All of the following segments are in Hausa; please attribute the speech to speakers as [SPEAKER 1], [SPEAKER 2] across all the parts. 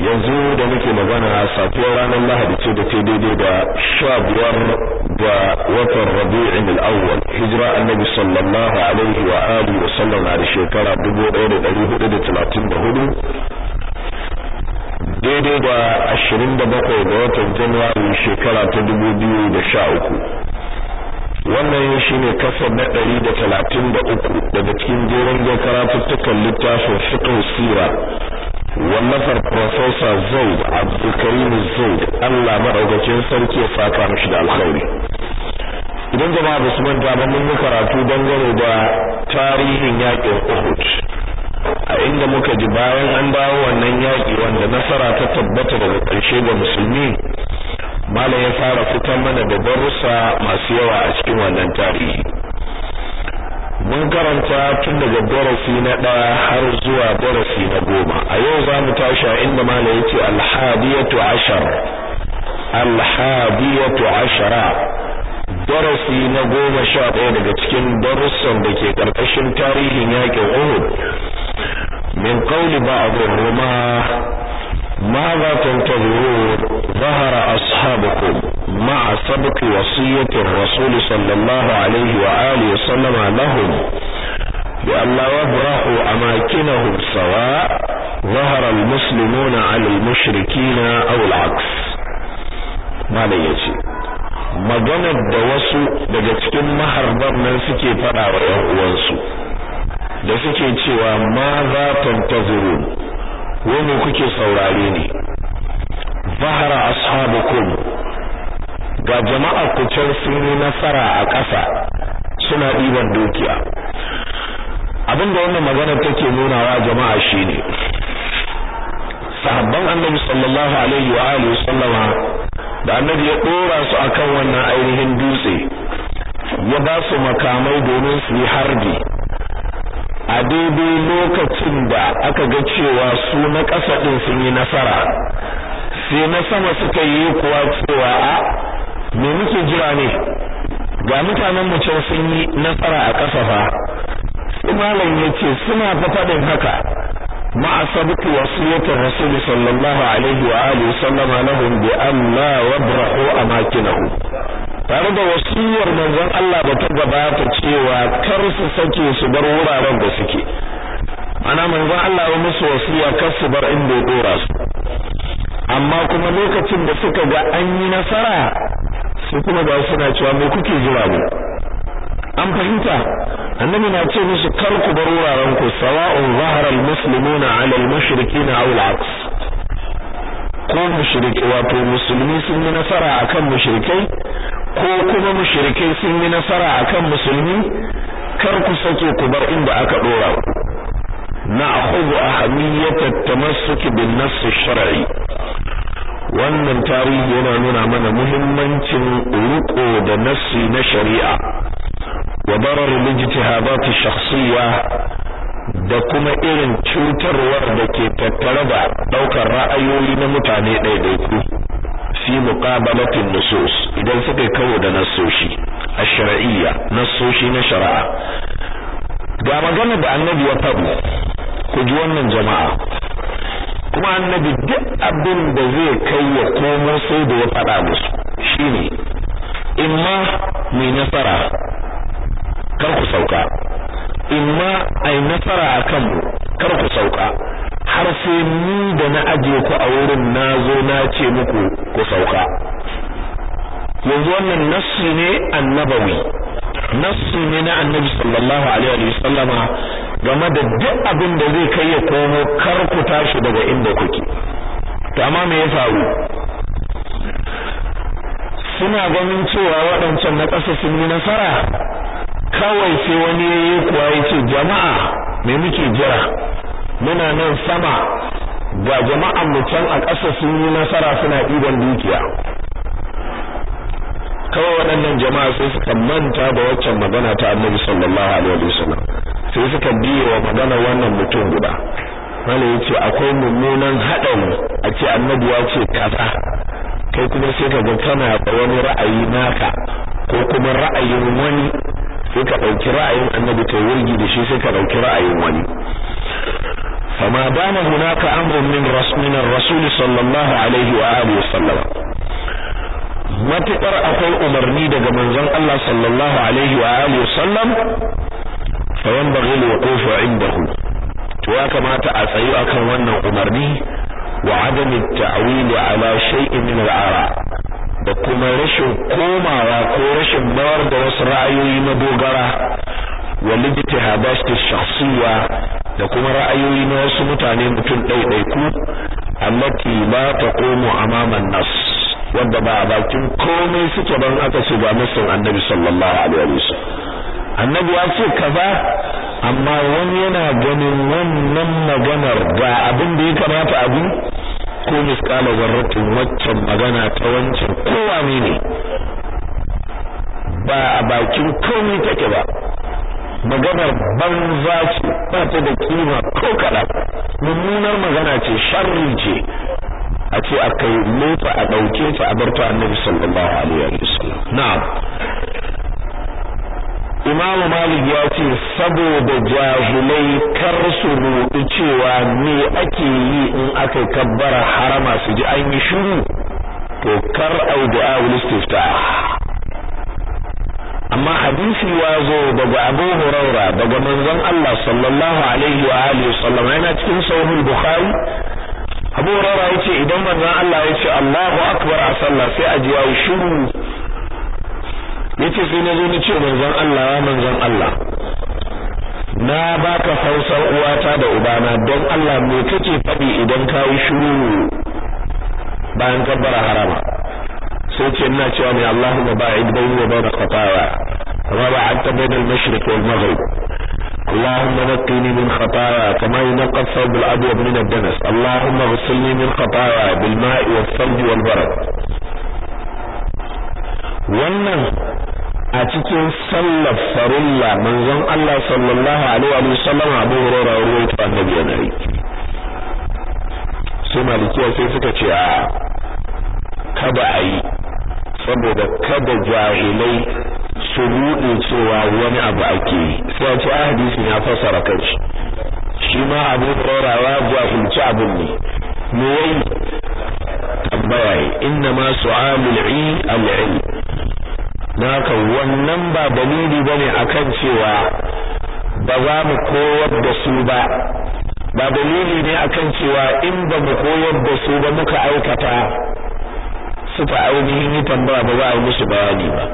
[SPEAKER 1] yanzu da muke magana safiyar ranar lahadi ce da ta daidai da sha biyar ga watan rabi'in al'awwal hijira annabi sallallahu alaihi wa alihi wa sallam na da hudu da talatin da hudu daidai da ashirin da bakwai ga watan januwari shekara ta dubu biyu da sha uku wannan shi ne kasar na ɗari da talatin da uku daga cikin jerin karatuttukan littafin fiqh sira wallafar profesa zaid Karim zaid allah madaukakin sarki ya saka mashi da alkhairi idan jama'a ba su manta ba mun yi karatu dangane da tarihin yakin uhud a inda muka ji bayan an dawo wannan yaƙi wanda nasara ta tabbata daga ƙarshe ga musulmi malam ya fara fitar mana da darussa masu yawa a cikin wannan tarihi mun karanta tun daga darasi na ɗaya har zuwa darasi na goma a yau za mu tashi a inda mala ya ce alhadiyatu ashar alhadiyatu ashara darasi na goma sha ɗaya daga cikin darussan da ke ƙarƙashin tarihin yaƙin uhud min qawli ba'd ar-rumah ماذا تنتظرون ظهر أصحابكم مع سبق وصية الرسول صلى الله عليه وآله وسلم لهم بأن لا يبرحوا أماكنهم سواء ظهر المسلمون على المشركين أو العكس ما ليجي maganar دوسو wasu daga cikin سكي nan ويهوانسو faɗa wa ماذا تنتظرون wai kuke saurare ne zahara ashabukum ga jama'a ku can sun yi nasara a ƙasa suna ɗiban dukiya abinda wannan magana take nunawa jama'a shine sahabban annabi sallallahu alaihi wa alihi sallama da annabi ya dora su akan wannan ainihin dutse ya ba su makamai domin su yi harbi a daidai lokacin da aka ga cewa su na ƙasa ɗin sun yi nasara sai na sama suka yi kuwa cewa a me muke jira ne ga mutanen mu can sun yi nasara a ƙasa fa sai malam ce suna fa faɗin haka ma'a sabqi wasiyatir rasul sallallahu alaihi wa alihi sallama lahum bi an la yabrahu amakinahum tare da wasiyar manzon Allah ba ta gabata cewa kar su sake su bar wuraren da suke ana manzon Allah ya musu wasiya kar su bar inda ya dora su amma kuma lokacin da suka ga an yi nasara su kuma ga suna cewa me kuke jira mu an fahimta annabi na ce musu kar ku bar wuraren ku sawa'un zahara almuslimuna ala almushrikina aw al'aks ko mushriki wato musulmi sun yi nasara akan mushrikai ko kuma mushrikai sun yi nasara akan musulmi kar ku sake ku bar inda aka dora na'khudhu ahamiyyat at-tamassuk bin nass shar'i wannan tarihi yana nuna mana muhimmancin ruko da nassi na shari'a wa darar al-ijtihadat ash-shakhsiyya da kuma irin cutarwar da ke tattare da daukar ra'ayoyi na mutane ɗaiɗaiku fi muqabalatin nusus idan suka yi kawo da nasoshi a shari'a nasoshi na shari'a ga magana da annabi ya faɗi ku ji wannan jama'a kuma annabi duk abin da zai kai ya komo sai da ya faɗa musu shine imma mai nasara kar ku sauka imma ai nasara akan mu kar ku sauka har sai ni da na aje ku a wurin na zo na ce muku ku sauka yanzu wannan nassi ne annabawi nassi ne na annabi sallallahu alaihi wa sallama game da duk abin da zai kai ya komo kar ku tashi daga inda kuke to amma me ya faru suna ganin cewa waɗancan na ƙasa sun yi nasara kawai sai wani ya yi kuwa yace jama'a me muke jira muna nan sama ga jama'an mu can a ƙasa sun yi nasara suna ɗiban dukiya kawai waɗannan jama'a sai suka manta da waccan magana ta annabi sallallahu alaihi wasallam sai suka biye wa magana wannan mutum guda ya yace akwai mummunan haɗari a ce annabi ya ce kaza kai kuma sai ka ga kana da wani ra'ayi naka ko kuma ra'ayin wani sai ka ɗauki ra'ayin annabi ka wurgi da shi sai ka ɗauki ra'ayin wani فما دام هناك أمر من رسول الرسول صلى الله عليه وآله وسلم matuƙar akwai umarni daga manzon Allah sallallahu alaihi wa alihi wasallam fa yanbaghi al-wuquf indahu to ya kamata a tsayu akan wannan umarni wa adam da kuma rashin komawa ko rashin mayar da wasu ra'ayoyi na dogara wal ijtihadat ash-shakhsiyya da kuma ra'ayoyi na wasu mutane mutum ɗaiɗaiku allati komo a Maman nas Wadda ba a bakin komai suke ban aka su ba masu annabi sallallahu alaihi wasallam annabi ya ce kaza amma wani yana ganin wannan maganar ga abin da ya kamata abu ko miskala zarratin waccan magana ta wancan kowa ne ba a bakin komai take ba maganar banza ce ba ta da kima ko kaɗan mummunar magana ce sharri ce a ce a kai lefa a ɗauke ta a bar ta annabi sallallahu alaihi wa sallam na'am Imam Malik ya ce saboda jahilai kar su rudu cewa me ake yi in aka kabbara harama su ji an yi shiru to kar au du'a istifta amma hadisi ya zo daga Abu Hurairah daga manzon Allah sallallahu alaihi wa alihi sallam yana cikin sahih Bukhari Abu Hurairah yace idan manzon Allah yace Allahu akbar a sallah sai a ji ya shiru yace sai na zo ni ce manzon Allah ya manzon Allah na baka fausar uwata da ubana don Allah me kake faɗi idan ka yi shiru bayan kabbara harama sai ce ina cewa ne Allahumma ba'id yi wa bayna khataaya kama ba'adta bayna al-mashriq wal maghrib اللهم نقني من خطايا كما ينقى الثوب الابيض من الدنس اللهم اغسلني من خطايا بالماء والثلج والبرد wannan a cikin sallar farilla manzon Allah sallallahu alaihi wa sallam Abu Hurairah ruwaito annabi yana yi sai malikiya sai suka ce a kada a yi saboda kada jahilai su buɗe cewa wani abu ake sai ce a ya fassara kanshi shi ma abu tsorawa jahilci abin ne me yayi tambaya inna ma su'alul ilm naka wannan ba dalili bane akan cewa ba za mu koyar da su ba ba dalili ne akan cewa in ba mu koyar da su ba muka aikata suka ainihin yi tambaya ba za a yi musu bayani ba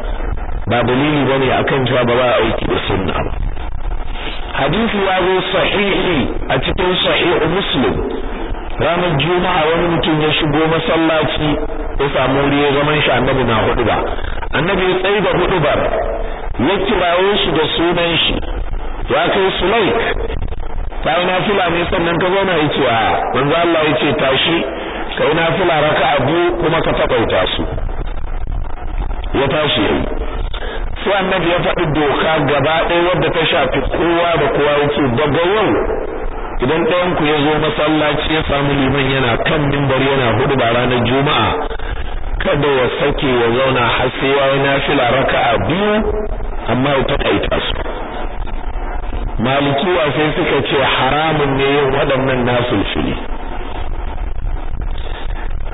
[SPEAKER 1] ba dalili bane akan cewa ba za a aiki da sunna ba hadisi ya zo sahihi a cikin sahihu muslim ranar juma'a wani mutum ya shigo masallaci ya samu wuri ya zaman shi annabi na hudu ba annabi ya tsaye da hudu ba ya kirawo shi da sunan shi ya kai sulaik yi na fulani sannan ka zauna ya ce a manzo Allah ya ce tashi kai na nafila raka biyu kuma ka taƙaita su ya tashi yayi sai annabi ya faɗi doka gaba ɗaya wadda ta shafi kowa da kowa yake daga yau idan ɗayan ku ya zo masallaci ya samu liman yana kan mimbar yana hudu ba ranar juma'a kada ya sake ya zauna har sai ya yi nafila raka'a biyu amma ya taƙaita su malikiwa sai suka ce haramun ne yin waɗannan nasul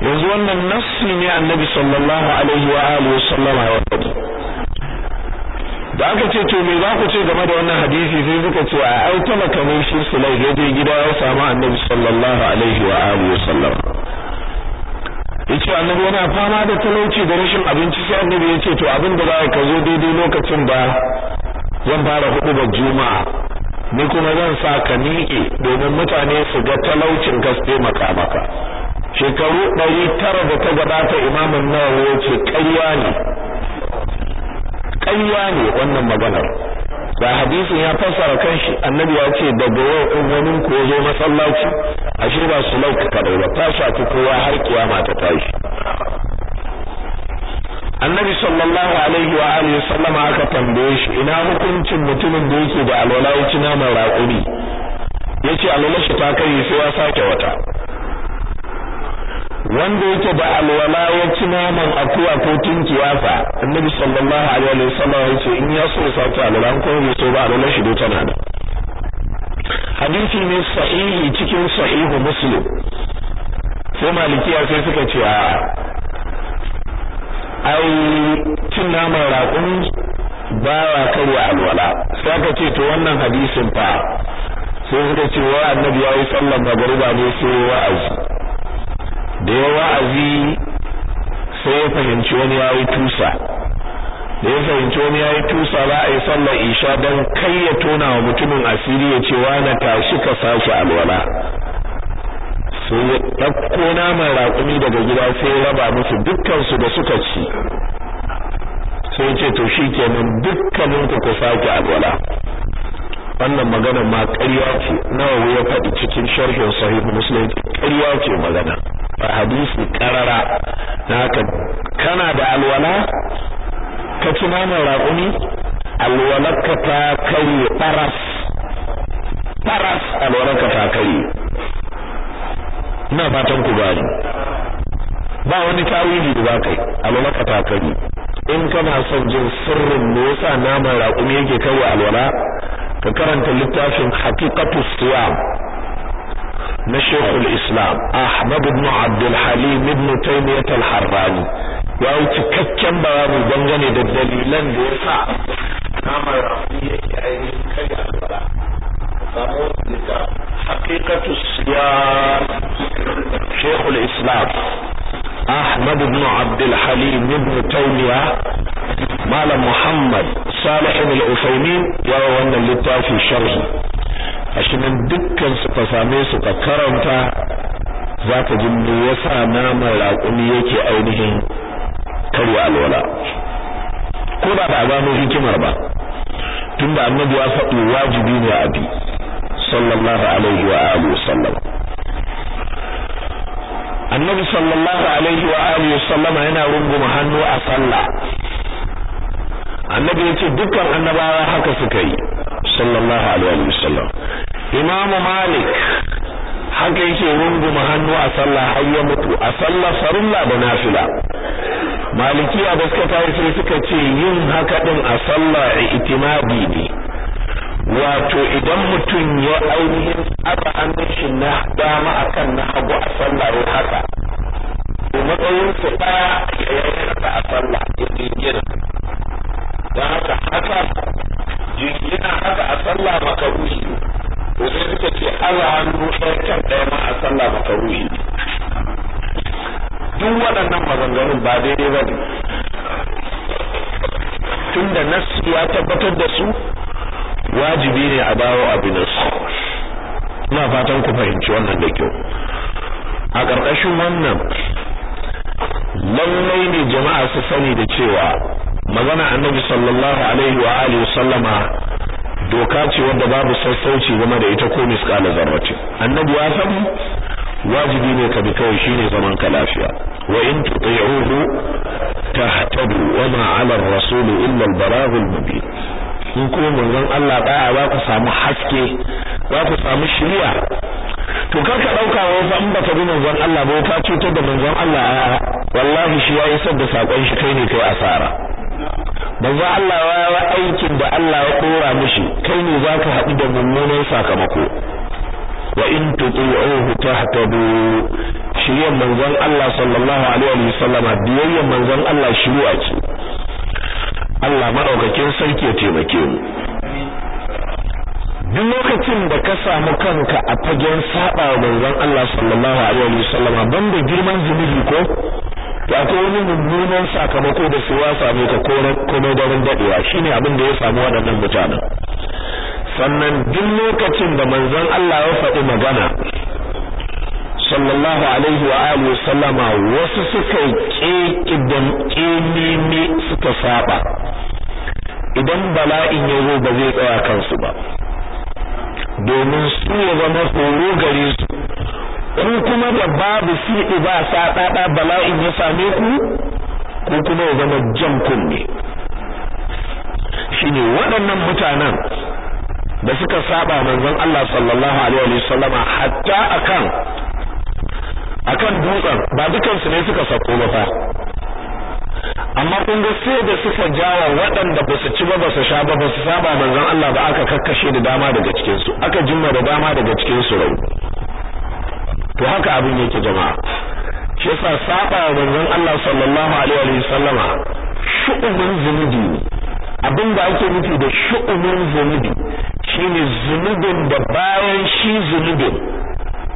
[SPEAKER 1] yanzu wannan nassi ne annabi sallallahu alaihi wa alihi wasallam ya faɗi da aka ce to me za ku ce game da wannan hadisi sai suka ce a ai talaka kamar shi sulai ya je gida ya samu annabi sallallahu alaihi wa alihi wasallam yace annabi yana fama da talauci da rashin abinci sai annabi ya ce to abin da za ka zo daidai lokacin ba zan fara hudu juma'a ni kuma zan sa ka miƙe domin mutane su ga talaucin ka su maka shekaru ɗari tara da ta gabata imamin nawawi ya ce ƙarya ne ƙarya ne wannan maganar da hadisin ya fassara kanshi annabi ya ce daga yau in wani ku zo masallaci a ba su lauka kadai ba ta shafi kowa har kiyama ta tashi annabi sallallahu alaihi wa alihi sallama aka tambaye shi ina hukuncin mutumin da yake da alwala ya ci naman raƙumi yace alwala shi ta kai sai ya sake wata wanda yake da alwala ya ci naman Akuwa ko tunki fa annabi sallallahu alaihi wasallam ya ce in ya so sa ta alwala ko ya so ba alwala shi tana da hadisi ne sahihi cikin sahihu muslim sai ya sai suka ce a ai cin naman raƙun wa karya alwala sai aka ce to wannan hadisin fa sai suka ce wa annabi ya yi sallan magariba ne sai wa'azi da ya wa'azi sai ya fahimci wani ya yi tusa da ya fahimci wani ya yi tusa za a yi sallar isha don kai ya tona wa mutumin asiri ya ce na tashi ka sashi alwala sai ya ɗauko naman raƙumi daga gida sai ya raba musu dukkansu da suka ci sai ce to shi kenan dukkaninku ku sake alwala wannan magana ma ƙarya ce nawawi ya faɗi cikin sharhin sahih muslim ƙarya ce magana a hadisi karara naka kana da alwala ka ci naman raƙumi alwalarka ta karye faras faras alwalarka ta karye ina fatan ku gani ba wani tawili da za ka yi alwalarka ta karye in kana son jin sirrin me yasa naman raƙumi yake karye alwala فكرنت للتأشم حقيقة الصيام نشيخ الإسلام أحمد بن عبد الحليم بن تيمية الحراني وأو تككم بغام الدنجان يددني لن بوسع نعم رفضية يعني كي أكبر حقيقة الصيام شيخ الإسلام Ahmad ibn Abdul Halim ibn Taymiya Malam Muhammad Salih ibn Al-Uthaymeen ya wannan littafi sharhi a shirin dukkan su ka same su ka karanta zaka ji me yasa naman raƙumi yake ainihin karya alwala ko ba da gano hikimar ba tunda annabi ya faɗi wajibi ne a bi sallallahu alaihi wa sallam annabi sallallahu alaihi wa alihi sallama yana runguma hannu a sallah annabi yace dukkan annabawa haka suka yi sallallahu alaihi wa sallam imamu malik haka yake runguma hannu a sallah har ya mutu a sallah farilla da nafila malikiya da suka tayi sai suka ce yin haka din a sallah itimadi ne wato idan mutum ya ainihin tsaba hannun shi na dama akan na hagu a sallah ya haka to matsayin su ɗaya ya yi haka a sallah ya jingina don haka haka jingina haka a sallah makaruhi to sai suka ce aza hannu ɗaya kan ɗaya ma a sallah makaruhi duk waɗannan maganganun ba daidai ba ne tunda nasu ya tabbatar da su wajibi ne a bawo abinus ina fatan ku fahimci wannan da kyau a ƙarƙashin wannan lallai ne jama'a su sani da cewa magana annabi sallallahu alaihi wa alihi sallama doka ce wanda babu sassauci game da ita ko misqala zarrati annabi ya san wajibi ne ka bi kawai shine zaman ka lafiya wa in tuti'uhu tahtadu wa ma 'ala ar-rasul illa al-balagh al-mubin in kuma manzon Allah baya ba ku samu haske ba ku samu shiriya to kar ka dauka wai fa in baka bi manzon Allah ba ka cutar da manzon Allah a wallahi shi ya isar da sakon shi kai ne kai asara manzo Allah ya aikin da Allah ya kora mishi kai ne za ka haɗu da mummunan sakamako wa in tuti'uhu tahtadu shiriyar manzon Allah sallallahu alaihi wasallam biyayya manzon Allah a ce Allah madaukakin sarki ya taimake mu duk lokacin da ka samu kanka a fagen saba wa manzon Allah sallallahu alaihi wasallam banda girman zunubi ko to ko wani mummunan sakamako da su wasa ne ka komai daren dadewa shine abin da ya samu waɗannan mutanen sannan duk lokacin da manzon Allah ya faɗi magana sallallahu alaihi wa alihi wasallama wasu suka yi ƙeƙidan ƙememe suka saba idan bala'in ya zo ba zai tsaya kansu ba domin su ya zama horo gare su ku kuma da babu fiɗi ba sa ɗaɗa bala'in ya same ku ku kuma ya zama jan kunne shine waɗannan mutanen da suka saba manzon Allah sallallahu alaihi wa hatta akan akan dutsen ba dukansu ne suka sako ba fa amma kun ga sai da suka jawa waɗanda ba su ci ba ba su sha ba su saba manzon Allah ba aka kakkashe da dama daga cikin su aka jimma da dama daga cikin su rau to haka abin yake jama'a shi yasa saba manzon Allah sallallahu alaihi wa sallama shu'umin zunubi abin da ake nufi da shu'umin zunubi shine zunubin da bayan shi zunubin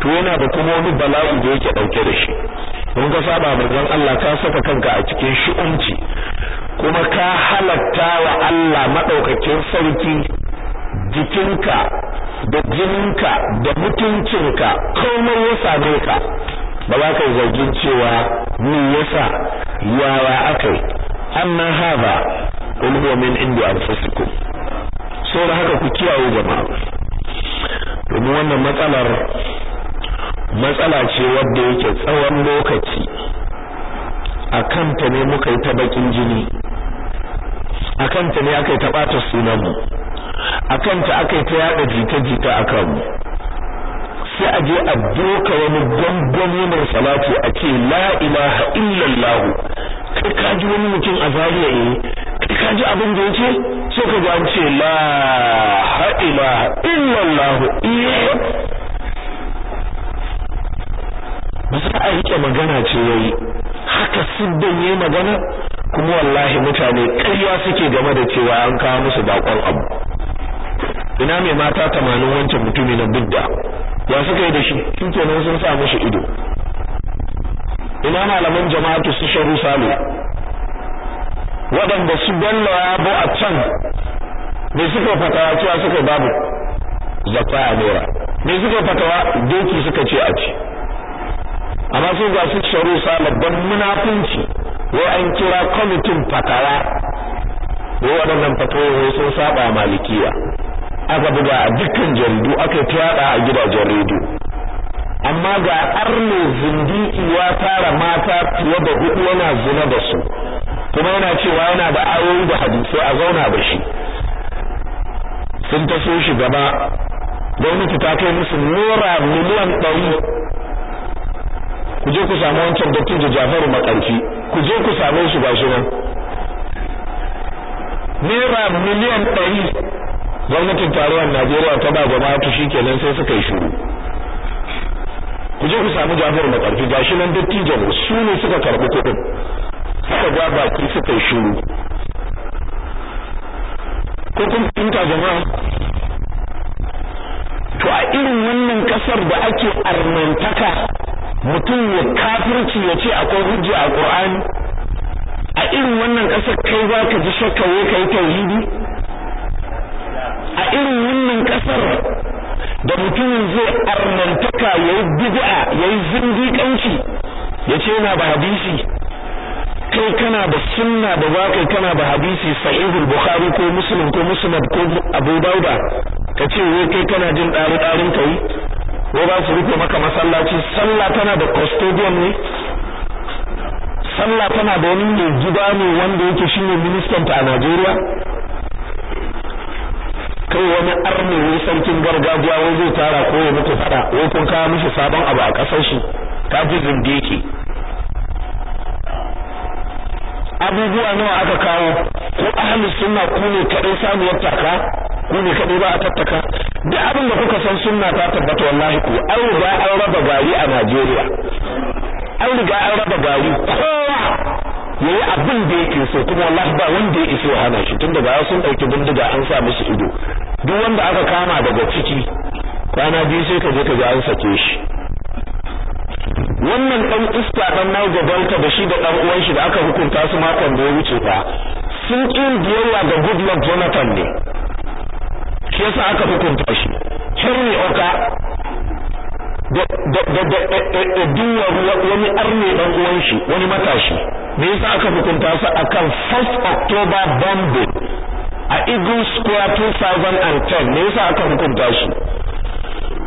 [SPEAKER 1] to yana da kuma wani bala'i da yake dauke da shi mun ga saba manzon Allah ka saka kanka a cikin shiunci kuma ka halatta wa Allah madaukakin sarki jikinka da jininka da mutuncinka komai ya same ka ba za ka yi zargin cewa ni yasa yawa akai amma haba qul huwa min indi anfusikum da haka ku kiyaye jama'a domin wannan matsalar matsala ce wadda yake tsawon lokaci a kanta ne muka yi ta bakin jini a kanta ne aka yi ta ɓata sunanmu a kanta aka yi ta yada jita-jita a kanmu sai a je a doka wani gwangwani mai salatu a ce la ilaha illallahu kai ka ji wani mutum a zariya ne eh? kai ka ji abin da yake sai ka ji an ce la lahu! iya eh? ba za a yake magana ce yayi haka sun yayi magana kuma wallahi mutane karya suke game da cewa an kawo musu bakon abu ina mai mata tamanin wancan mutumi na budda ya suka yi da shi shikenan sun sa mushi ido ina malaman jama'atu su sharu sale waɗanda su bello ya bo a can me suka fatawa cewa suka babu zakka a naira me suka fatawa doki suka ce a ci amma sai ga su sharu sala dan munafunci wai an kira kwamitin fatawa wai waɗannan fatawoyi sun saba malikiya aka buga a dukkan jaridu aka yi a gidajen jaridu. amma ga arno zindiki ya tara mata fiye da hudu yana zina da su kuma yana cewa yana da ayoyi da hadisai a zauna da shi sun taso shi gaba gwamnati ta kai musu nora miliyan ɗari ku je ku samu wancan dattijo Jafaru makarfi ku je ku same shi gashi nan naira miliyan ɗari gwamnatin taruwar Najeriya ta ba gwamnati shikenan sai suka yi shiru ku je ku samu Jafaru makarfi shi nan dattijo su ne suka karɓi kuɗin suka ga baki suka yi shiru ko kuma tunta jama'a to a irin wannan ƙasar da ake armantaka mutum ya kafirci ya ce akwai hujja a Qur'ani a irin wannan ƙasar kai za ka ji shakka wai kai tauhidi a irin wannan ƙasar da mutumin zai armantaka ya yi bid'a ya yi zindiƙanci ya ce yana da hadisi kai kana da sunna da za kai kana da hadisi sahihul bukhari ko muslim ko musulun ko abu dauda ka ce wai kai kana jin ɗari ɗarin kai ko za su rufe maka masallaci sallah tana da custodian ne sallah tana da wani mai gida ne wanda yake shine ministan ta a Najeriya kai wani arni ne sarkin gargajiya wai zai tara ko ya muku fada wai kun kawo mishi sabon abu a kasar shi ka ji zindiki abubuwa nawa aka kawo ko ahli sunna ku ne kadai samu ka ku ne kadai ba a tattaka duk abin da kuka san sunna ta tabbata wallahi ku an riga an raba gari a Najeriya an riga an raba gari kowa yayi abin da yake so kuma wallahi ba wanda ya so hana shi tunda ba sun dauki bindiga an sa mishi ido duk wanda aka kama daga ciki kwana biyu sai ka je ka ga an sake shi wannan dan iska dan Niger Delta da shi da dan uwan shi da aka hukunta su makon da ya wuce ba sun kin biyayya ga Goodluck Jonathan ne shi yasa aka hukunta shi Henry Oka da da da da duwa wani arne dan uwan shi wani matashi me yasa aka hukunta su akan 1st October bombing a Eagle Square 2010 me yasa aka hukunta shi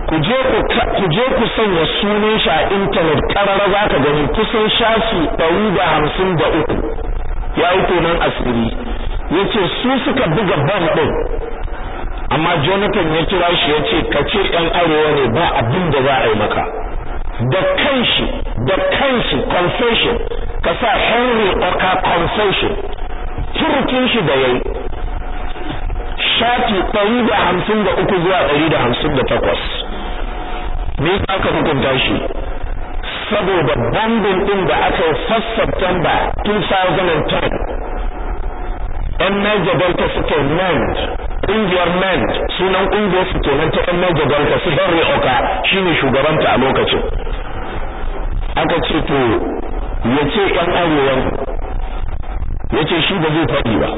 [SPEAKER 1] ku je ku sanya sunan shi a intanet karara za ka gani kusan shafi ɗari da hamsin da uku ya yi tonon asiri ya su suka buga ban ɗin amma jonathan ya kira shi ya ce ka ce ɗan arewa ne ba abin da za a yi maka da kanshi da kanshi confession ka sa henry oka confession turkin shi da yayi shafi ɗari da hamsin da uku zuwa ɗari da hamsin da takwas me yasa aka hukunta shi saboda bombin din da aka yi 1 September 2010 'yan Niger Delta suke NAND ƙungiyar NAND sunan ƙungiyar su kenan ta 'yan Niger Delta su Henry Oka shine shugabanta a lokacin aka ce to ya ce 'yan arewan ya ce shi ba zai faɗi ba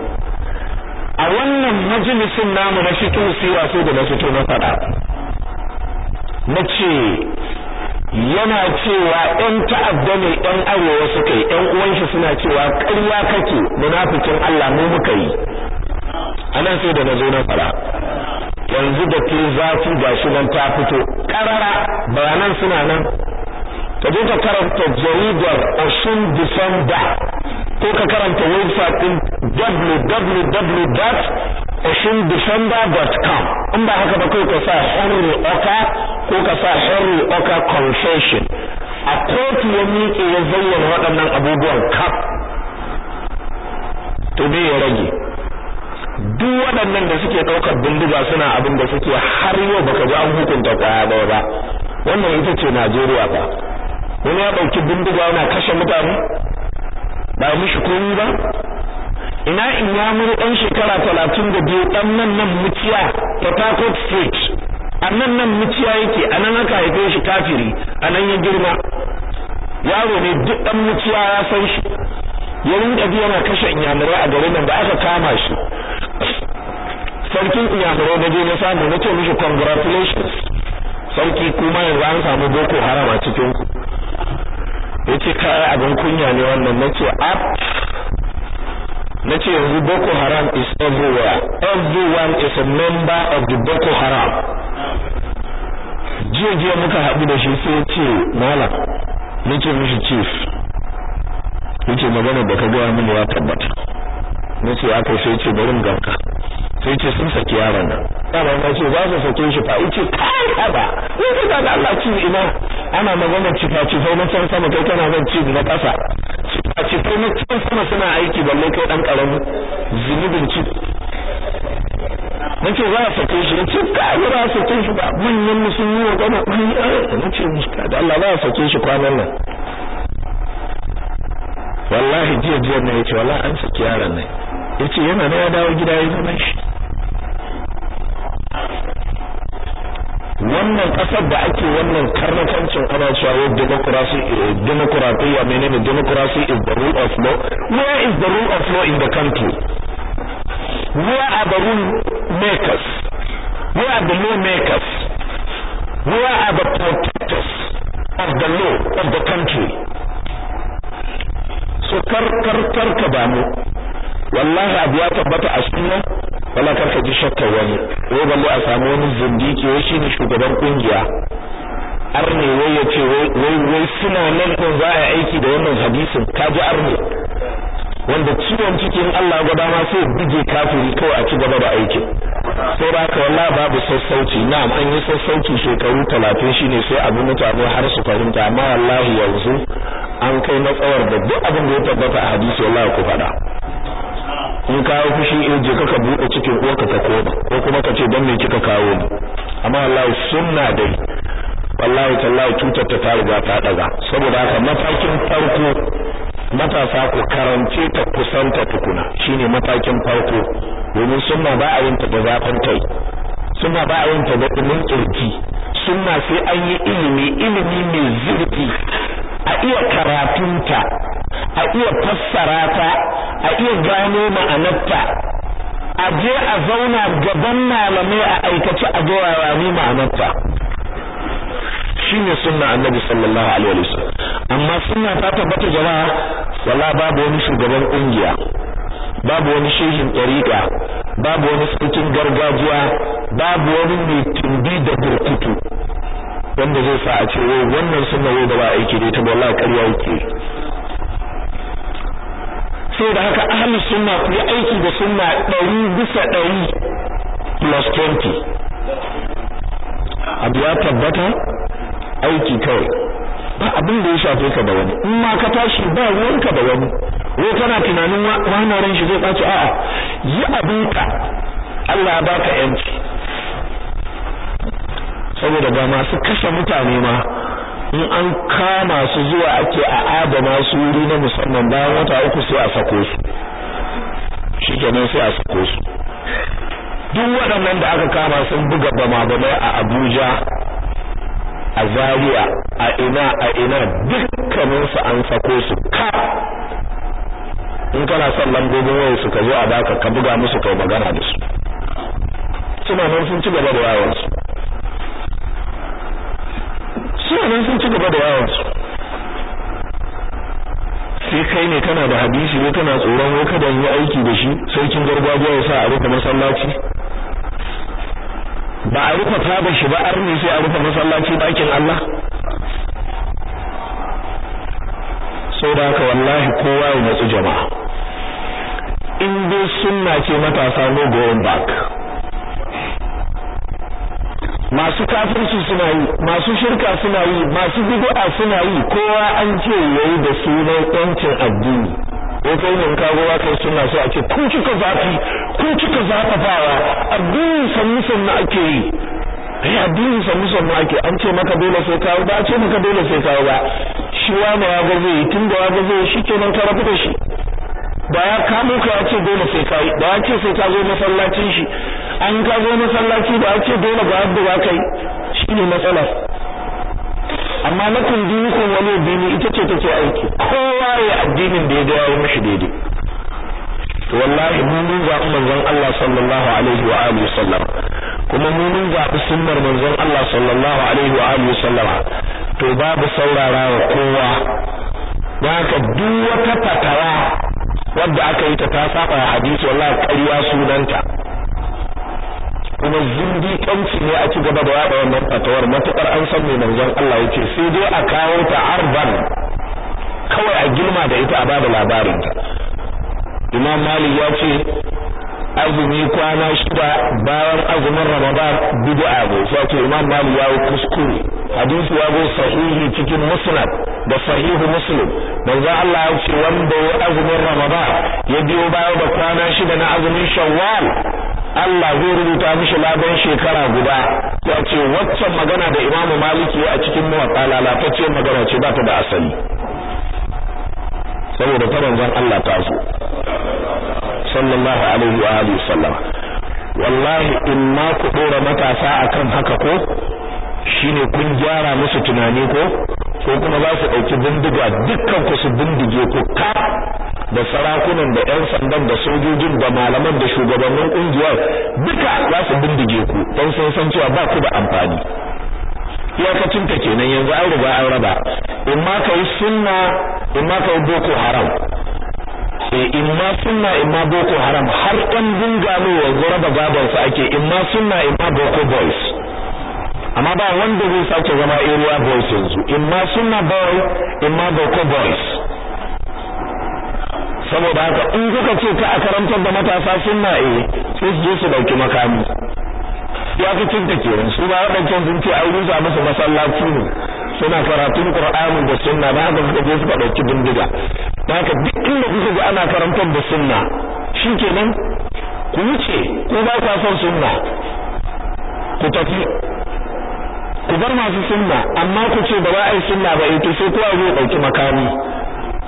[SPEAKER 1] a wannan majalisin namu na fito sira sai da na fito na faɗa na ce yana cewa ‘yan ta'adda ne ‘yan arewa suka yi ‘yan uwanshi suna cewa ƙarya kake munafikin Allah mu muka yi a nan sai da na na fara yanzu da ke zafi ga shi nan ta fito ƙarara bayanan suna nan ta je ta karanta jaridar 20 december. ko ka karanta website din www.oshindefender.com in ba haka ba kai ka sa Henry Oka ko ka sa Henry Oka confession a kotu ya miƙe ya zayyana waɗannan abubuwan kaf to me ya rage duk waɗannan da suke ɗaukar bindiga suna abin da suke har yau baka ji an hukunta kwaya ɗaya ba wannan ita ce Najeriya ba wani ya ɗauki bindiga yana kashe mutane ba mishi komi ba ina in ya muru dan shekara talatin da biyu dan nan nan muciya ta Harcourt Street a nan nan muciya yake a nan aka haife shi kafiri a nan ya girma yaro ne duk dan muciya ya san shi ya rinka biya yana kashe inyamurai a garin nan da aka kama shi sarkin inyamurai na je na samu na ce mishi congratulations sarki kuma yanzu an samu boko haram a cikin ku yace kai abin kunya ne wannan nace ab ah, nace yanzu Boko Haram is everywhere everyone is a member of the Boko Haram jiya jiya muka haɗu da shi sai yace malam nace mishi chief yace magana da ka gaya mini ya tabbata nace aka sai yace bari mu sai ce sun saki yaron nan yaron na ce za su sake shi fa ce kai ba in ka da Allah ci ina ana magana cifa cifa na can sama kai kana zan ci na kasa ci cifa ne can sama suna aiki balle kai dan karamu zunubin ci ce za a sake shi ci ka yi za su sake shi ba manyan musulmi wa ah, mun ce muska da Allah za su sake shi kwanan nan wallahi jiya jiya na ce. wallahi an saki yaron nan Ya ce yana na ya dawo gida ya zama shi wannan kasar da ake wannan karnakancin ana cewa demokurasi democracy eh, democracy menene demokurasi is the rule of law where is the rule of law in the country where are the rule makers where are the law makers where are the protectors of the law of the country so kar kar kar ka damu wallahi abu ya tabbata a sunna wala karka ji shakkar wani wai balle a samu wani ke wai shine shugaban kungiya arne wai ya ce wai wai suna nan kun za a aiki da wannan hadisin ka ji arne wanda ciwon cikin Allah gaba ma sai bige kafiri kawai a ci gaba da aikin sai ba ka wallahi babu sassauci na'am an yi sassauci shekaru talatin shine sai abu mutane har su fahimta amma wallahi yanzu an kai matsawar da duk abin da ya tabbata a hadisi wallahi ku faɗa in kawo fushi in eh, je ka buɗe cikin uwarka ka koma ko kuma ka ce dan me kika kawo ni amma wallahi sunna dai wallahi tallahi cutar ta ta riga ta daga saboda haka matakin farko matasa ku karance ta kusanta tukuna shine matakin farko domin sunna ba a yin ta da zafin kai sunna ba a yin ta da dumin kirki sunna sai an yi ilimi ilimi mai zurfi a iya karatunta a iya fassarata, a iya gano ma'anarta a je a zauna gaban malamai a aikace a zo a rami ma'anarta shine sunna annabi sallallahu alaihi wasallam amma sunna ta tabbata jama'a wala babu wani shugaban kungiya babu wani shehin dariqa babu wani sarkin gargajiya babu wani mai tumbi da burkutu wanda zai sa a ce wai wannan sunna wai ba aiki da ta wallahi ƙarya yake sai da haka ahlus sunna ku yi aiki da sunna 100 bisa 100 plus 20 abu ya tabbata aiki kawai ba abin da ya shafe ka da wani in ma ka tashi ba ka da wani wai kana tunanin wani ran shi zai ɓaci a'a yi abin ka.
[SPEAKER 2] Allah ya baka
[SPEAKER 1] yanci saboda ba masu kashe mutane ma in an kama su zuwa ake a adana su wuri na musamman bayan wata uku sai a sako su kenan sai a sako su duk waɗannan da aka kama sun buga bama a Abuja a Zaria a ina a ina dukkanin su an sako su ka in kana son lambobin wayar su ka zo a baka ka buga musu kai magana da su suna nan sun ci gaba da yawon suna nan sun ci gaba da yawansu sai kai ne kana da hadisi ne kana tsoron wai kada yi aiki da shi sarkin gargajiya ya sa a rufe masallaci ba a rufe fadar shi ba arni sai a rufe masallaci bakin Allah sau da haka wallahi kowa ya matsu jama'a in dai ce matasa no going back masu kafirci suna yi masu shirka suna yi masu bid'a suna yi kowa an ce yayi da sunan yancin addini ko kai ne ka gowa kai suna so a ce kun kika zafi kun kika zafafawa addini sannu sannu ake yi ai eh, addini sannu sannu ake an ce maka dole sai kawo ba a ce maka dole sai kawo ba shi wa ma ya ga zai tun da ya ga zai shi kenan ka rabu da shi ba ya kamo ka ya ce dole sai kai da ya ce sai ka zo masallacin shi an ka zo masallaci da ya ce dole ga yadda ba kai shine matsala amma na kun ji kun wani dini ita ce take aiki kowa ya addinin da ya ga yayi mishi daidai to wallahi mun mun ga manzon Allah sallallahu alaihi wa alihi wasallam kuma mun mun ga sunnar manzon Allah sallallahu alaihi wa alihi wasallam to babu saurara wa kowa da haka duk wata fatara wadda aka yi ta ta saba hadisi wallahi ƙarya sunanta kuma kanci ne a ci gaba da yaba wannan fatawar matuƙar an san mai manzon Allah yake sai dai a kawo ta arban kawai a girma da ita a bada ta. imam malik ya ce azumi kwana shida bayan azumin ramadan a ne sai imam malik ya yi kuskure hadisi ya zo sahihi cikin musnad da sahihu muslim manzo Allah ya ce wanda ya azumin ramadan ya biyo bayan da kwana shida na azumin shawwal Allah zai rubuta mishi laban shekara guda ya ce waccan magana da imamu maliki a cikin muwatta lalatacce magana ce ba ta da asali saboda ta manzon Allah ta zo sallallahu alaihi wa alihi sallam wallahi in ma ku dora matasa akan haka ko shine kun gyara musu tunani ko ko kuma za su ɗauki bindiga dukkan ku su bindige ku ka da sarakunan da ƴan sandan da sojojin da malaman da shugabannin ƙungiyar duka za su bindige ku don sun san cewa ba ku da amfani iyakacin ka kenan yanzu an riga an raba in ma kai sunna in ma ka yi boko haram sai eh, in ma sunna in ma boko haram har ɗan zungalo wa raba gabansu ake in ma sunna in ma boko boys amma ba wanda zai sake zama area boys yanzu in ma sunna boy in ma boko boys saboda haka in kuka ce ka a karantar da matasa sunna eh sai su je su dauki makami ya fi cinta kenan su ba waɗancan sun ce an rusa musu masallaci ne suna karatun qur'anin da sunna ba haka suka je suka dauki bindiga haka duk inda kuka ga ana karantar da sunna shikenan ku wuce ko ba ku son sunna ku tafi ku bar masu sunna amma ku ce ba za a yi sunna ba ita eh, sai kowa zai dauki makami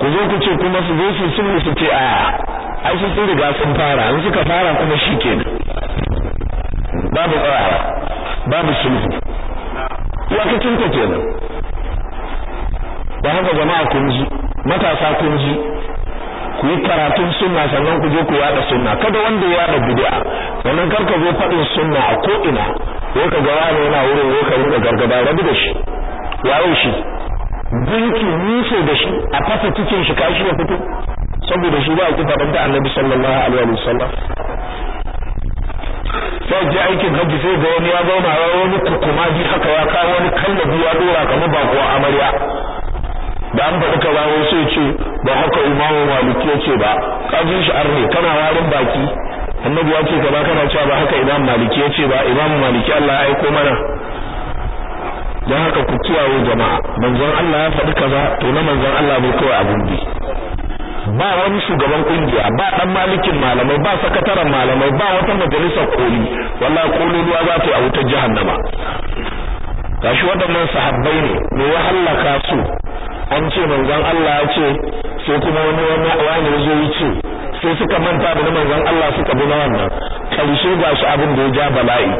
[SPEAKER 1] ku zo ku ce kuma su zo su sunna su ce aya ai su sun riga sun fara an suka fara kuma shikenan babu tsara babu sulhu iyakacin ta kenan don haka jama'a kun ji matasa kun ji ku yi karatun sunna sannan ku je ku yada sunna kada wanda ya yada bid'a sannan kar ka zo faɗin sunna a ko ina ko ka ga wani yana wurin ko ka rinka gargada rabu da shi yi shi dinki nise da shi a fasa cikin shi kashi ya fito saboda shi ba a kifa da annabi sallallahu alaihi wa sallam sai ji aikin hajji sai ga wani ya zauna wani kukuma ji haka ya kawo wani kallabi ya dora kamar ba kuwa amarya da an faɗi kaza wai sai ce ba haka imamu maliki ya ce ba kajin shi ne kana warin baki annabi ya ce kaza kana cewa ba haka imam maliki ya ce ba imam maliki Allah ya aiko mana dan haka ku kiyaye jama'a manzon Allah ya faɗi kaza to na manzon Allah ne kawai abun bi ba wani shugaban kungiya ba dan malikin malamai ba sakataren malamai ba wata majalisar koli wallahi ruwa za ta yi a wutar jahannama gashi waɗannan sahabbai ne ne ya hallaka su an ce manzan Allah ya ce sai kuma wani wani wani zo yi ce sai suka manta da manzon Allah suka bi na wannan karshe shi abin da ya ja bala'i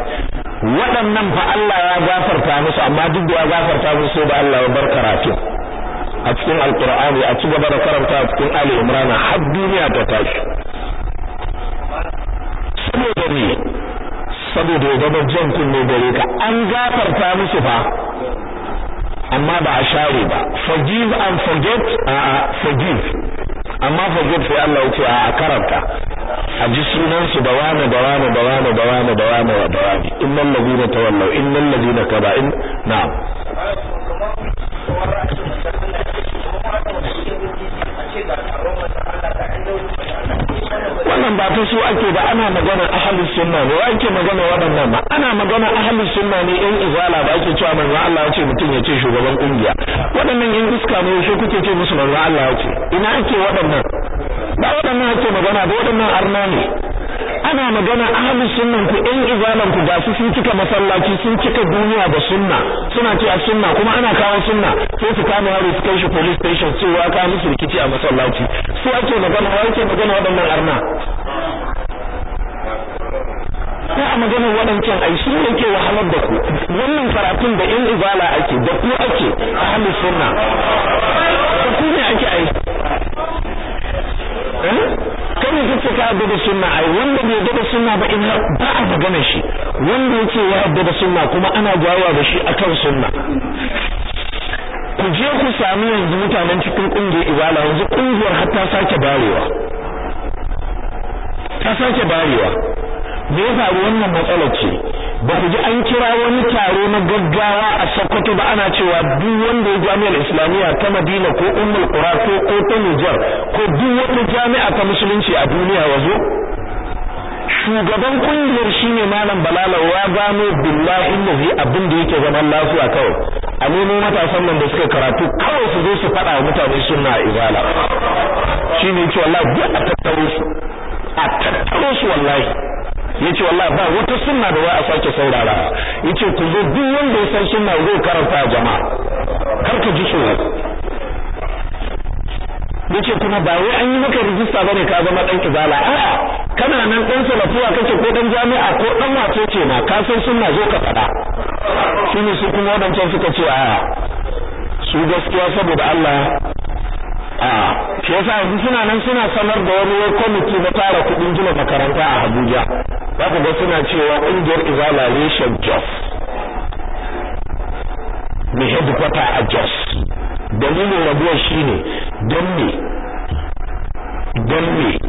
[SPEAKER 1] waɗannan fa Allah ya gafarta musu amma duk da ya gafarta musu sai da Allah ya bar karatu a cikin alkur'ani a cigaba da karanta a cikin ali imran har duniya ta tashi saboda ne saboda ya gaba jan kunne gare ka an gafarta musu fa amma ba a share ba forgive and forget a forgive amma forget sai Allah yake a karanta a ji sunan su da wani da wani da wani da wani da wani da wani innal ladina tawallaw innal ladina kaza in na'am wannan ba ta su ake ba ana magana ahlus sunna ne wa ake magana waɗannan ba ana magana ahlus sunna ne in izala ba ake cewa manzo Allah ya ce mutum ya ce shugaban kungiya waɗannan yan iska ne shi kuke ce musu manzo Allah ya ce ina ake waɗannan ba waɗannan ake magana ba waɗannan arna ne ana magana ahlus sunna ku in izalan ku ga su sun cika masallaci sun cika duniya da sunna suna ce a sunna kuma ana kawo sunna sai su kama yaro su kai shi police station cewa ka musu rikici a masallaci su ake magana wa ake magana waɗannan arna
[SPEAKER 2] ko a maganar waɗancan ai su ke wahalar da ku
[SPEAKER 1] wannan karatun da in izala ake da ku ake a halin sunna da ku ne ake ai kan yi kace ka da sunna ai wanda bai da sunna ba in ba a magana shi wanda yake ya da sunna kuma ana gawa da shi a kan sunna ku je ku sami yanzu mutanen cikin ƙungiyar ibala yanzu ƙungiyar har ta sake barewa ta sake barewa me ya faru wannan matsalar ce ba ku ji an kira wani taro na gaggawa a Sokoto ba ana cewa duk wanda ya jami'ar Islamiyya ta Madina ko Ummul Qura ko ko ta Niger ko duk wani jami'a ta musulunci a duniya wazo shugaban kungiyar shine malam Balala ya gano billahi allazi abin da yake zaman lafiya kawai a nemo matasan nan da suka karatu kawai su zo su faɗa wa mutane sunna izala shine ne wallahi duk a tattaro su a tattaro su wallahi yace wallahi ba wata sunna da wai a sake saurara yace ku zo duk wanda ya san sunna zo karanta a jama'a kar ka ji tsoro yace kuma ba wai an yi maka rijista bane ka zama dan kizala a'a kana nan dan salafiya kake ko dan jami'a ko ɗan wato ce ma ka san sunna zo ka fada shine su kuma wadancan suka ce a'a su gaskiya saboda Allah a ah, shi yasa yanzu suna nan suna sanar da wani kwamiti na tara kudin gina makaranta a Abuja za ku ga suna cewa ƙungiyar Izala Jos mai headquarter a Jos dalilin rabuwar shine don me don me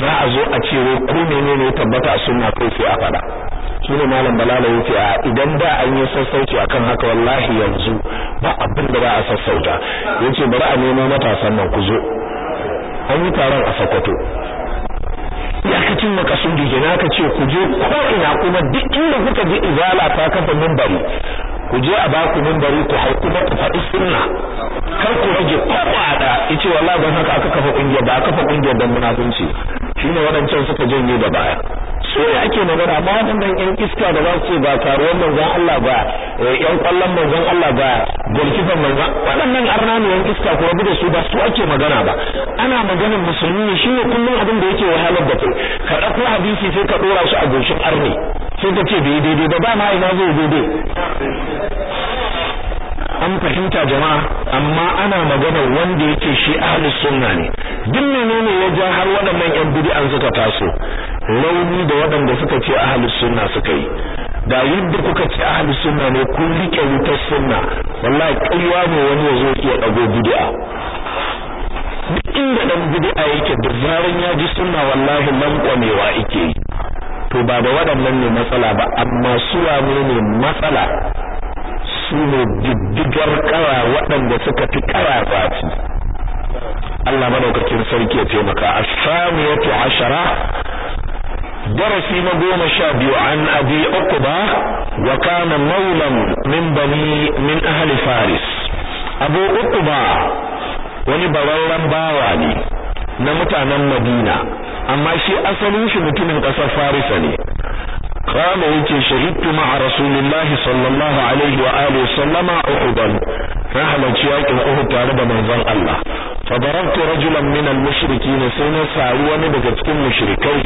[SPEAKER 1] za a zo a ce wai ko menene tabbata suna kai sai a faɗa sune malam balala yake a idan da an yi sassauci akan haka wallahi yanzu ba abin da ba a sassauta yace bari a nemo matasan nan ku zo an yi taron a Sokoto ya sun makasudi na ka ce ku je ko ina kuma duk inda kuka ji izala ta kafa minbari ku je a ba ku bari ku hau ba ku faɗi sunna kar ku rage kwaba da yace wallahi ban haka aka kafa kungiya ba kafa kungiyar dan munafunci shine wadancan suka janye da baya su ne ake magana amma waɗannan yan iska da za su ce ba karuwan manzon Allah ba yan eh, kwallon manzon Allah ba golkifan manzon waɗannan arna ne yan iska kuma bude su ba su ake magana ba ana maganar musulmi ne shi ne kullum abin da yake wahalar da kai ka ɗauko hadisi sai ka ɗora su a goshin arne sai ka ce bai daidai ba ba ma ina zai daidai an fahimta jama'a amma ana magana wanda yake shi ahlus sunna ne duk menene ya ja har waɗannan yan bid'an suka taso rauni da waɗanda suka ce ahalus sunna suka yi da yadda kuka ce ahalus sunna ne kun rike wutar sunna wallahi kaiwa ne wani ya zo ya dago bid'a duk inda dan bid'a yake da zaran ya ji sunna wallahi lankwamewa yake yi to ba da waɗannan ne matsala ba amma su wane ne matsala su ne diddigar kara waɗanda suka fi kara zafi Allah madaukakin sarki ya taimaka as-samiyatu ashara darasi na goma sha biyu an abi uqba wa kana maulan min bani min ahli faris abu ukuba wani bararren bawa ne na mutanen madina amma shi asalin shi mutumin kasar faris ne قال يكي شهدت مع رسول الله صلى الله عليه وآله وسلم أحدا رحلة شياك أحد تعرض منظر الله فضربت رجلا من المشركين سنة daga بكتكم مشركين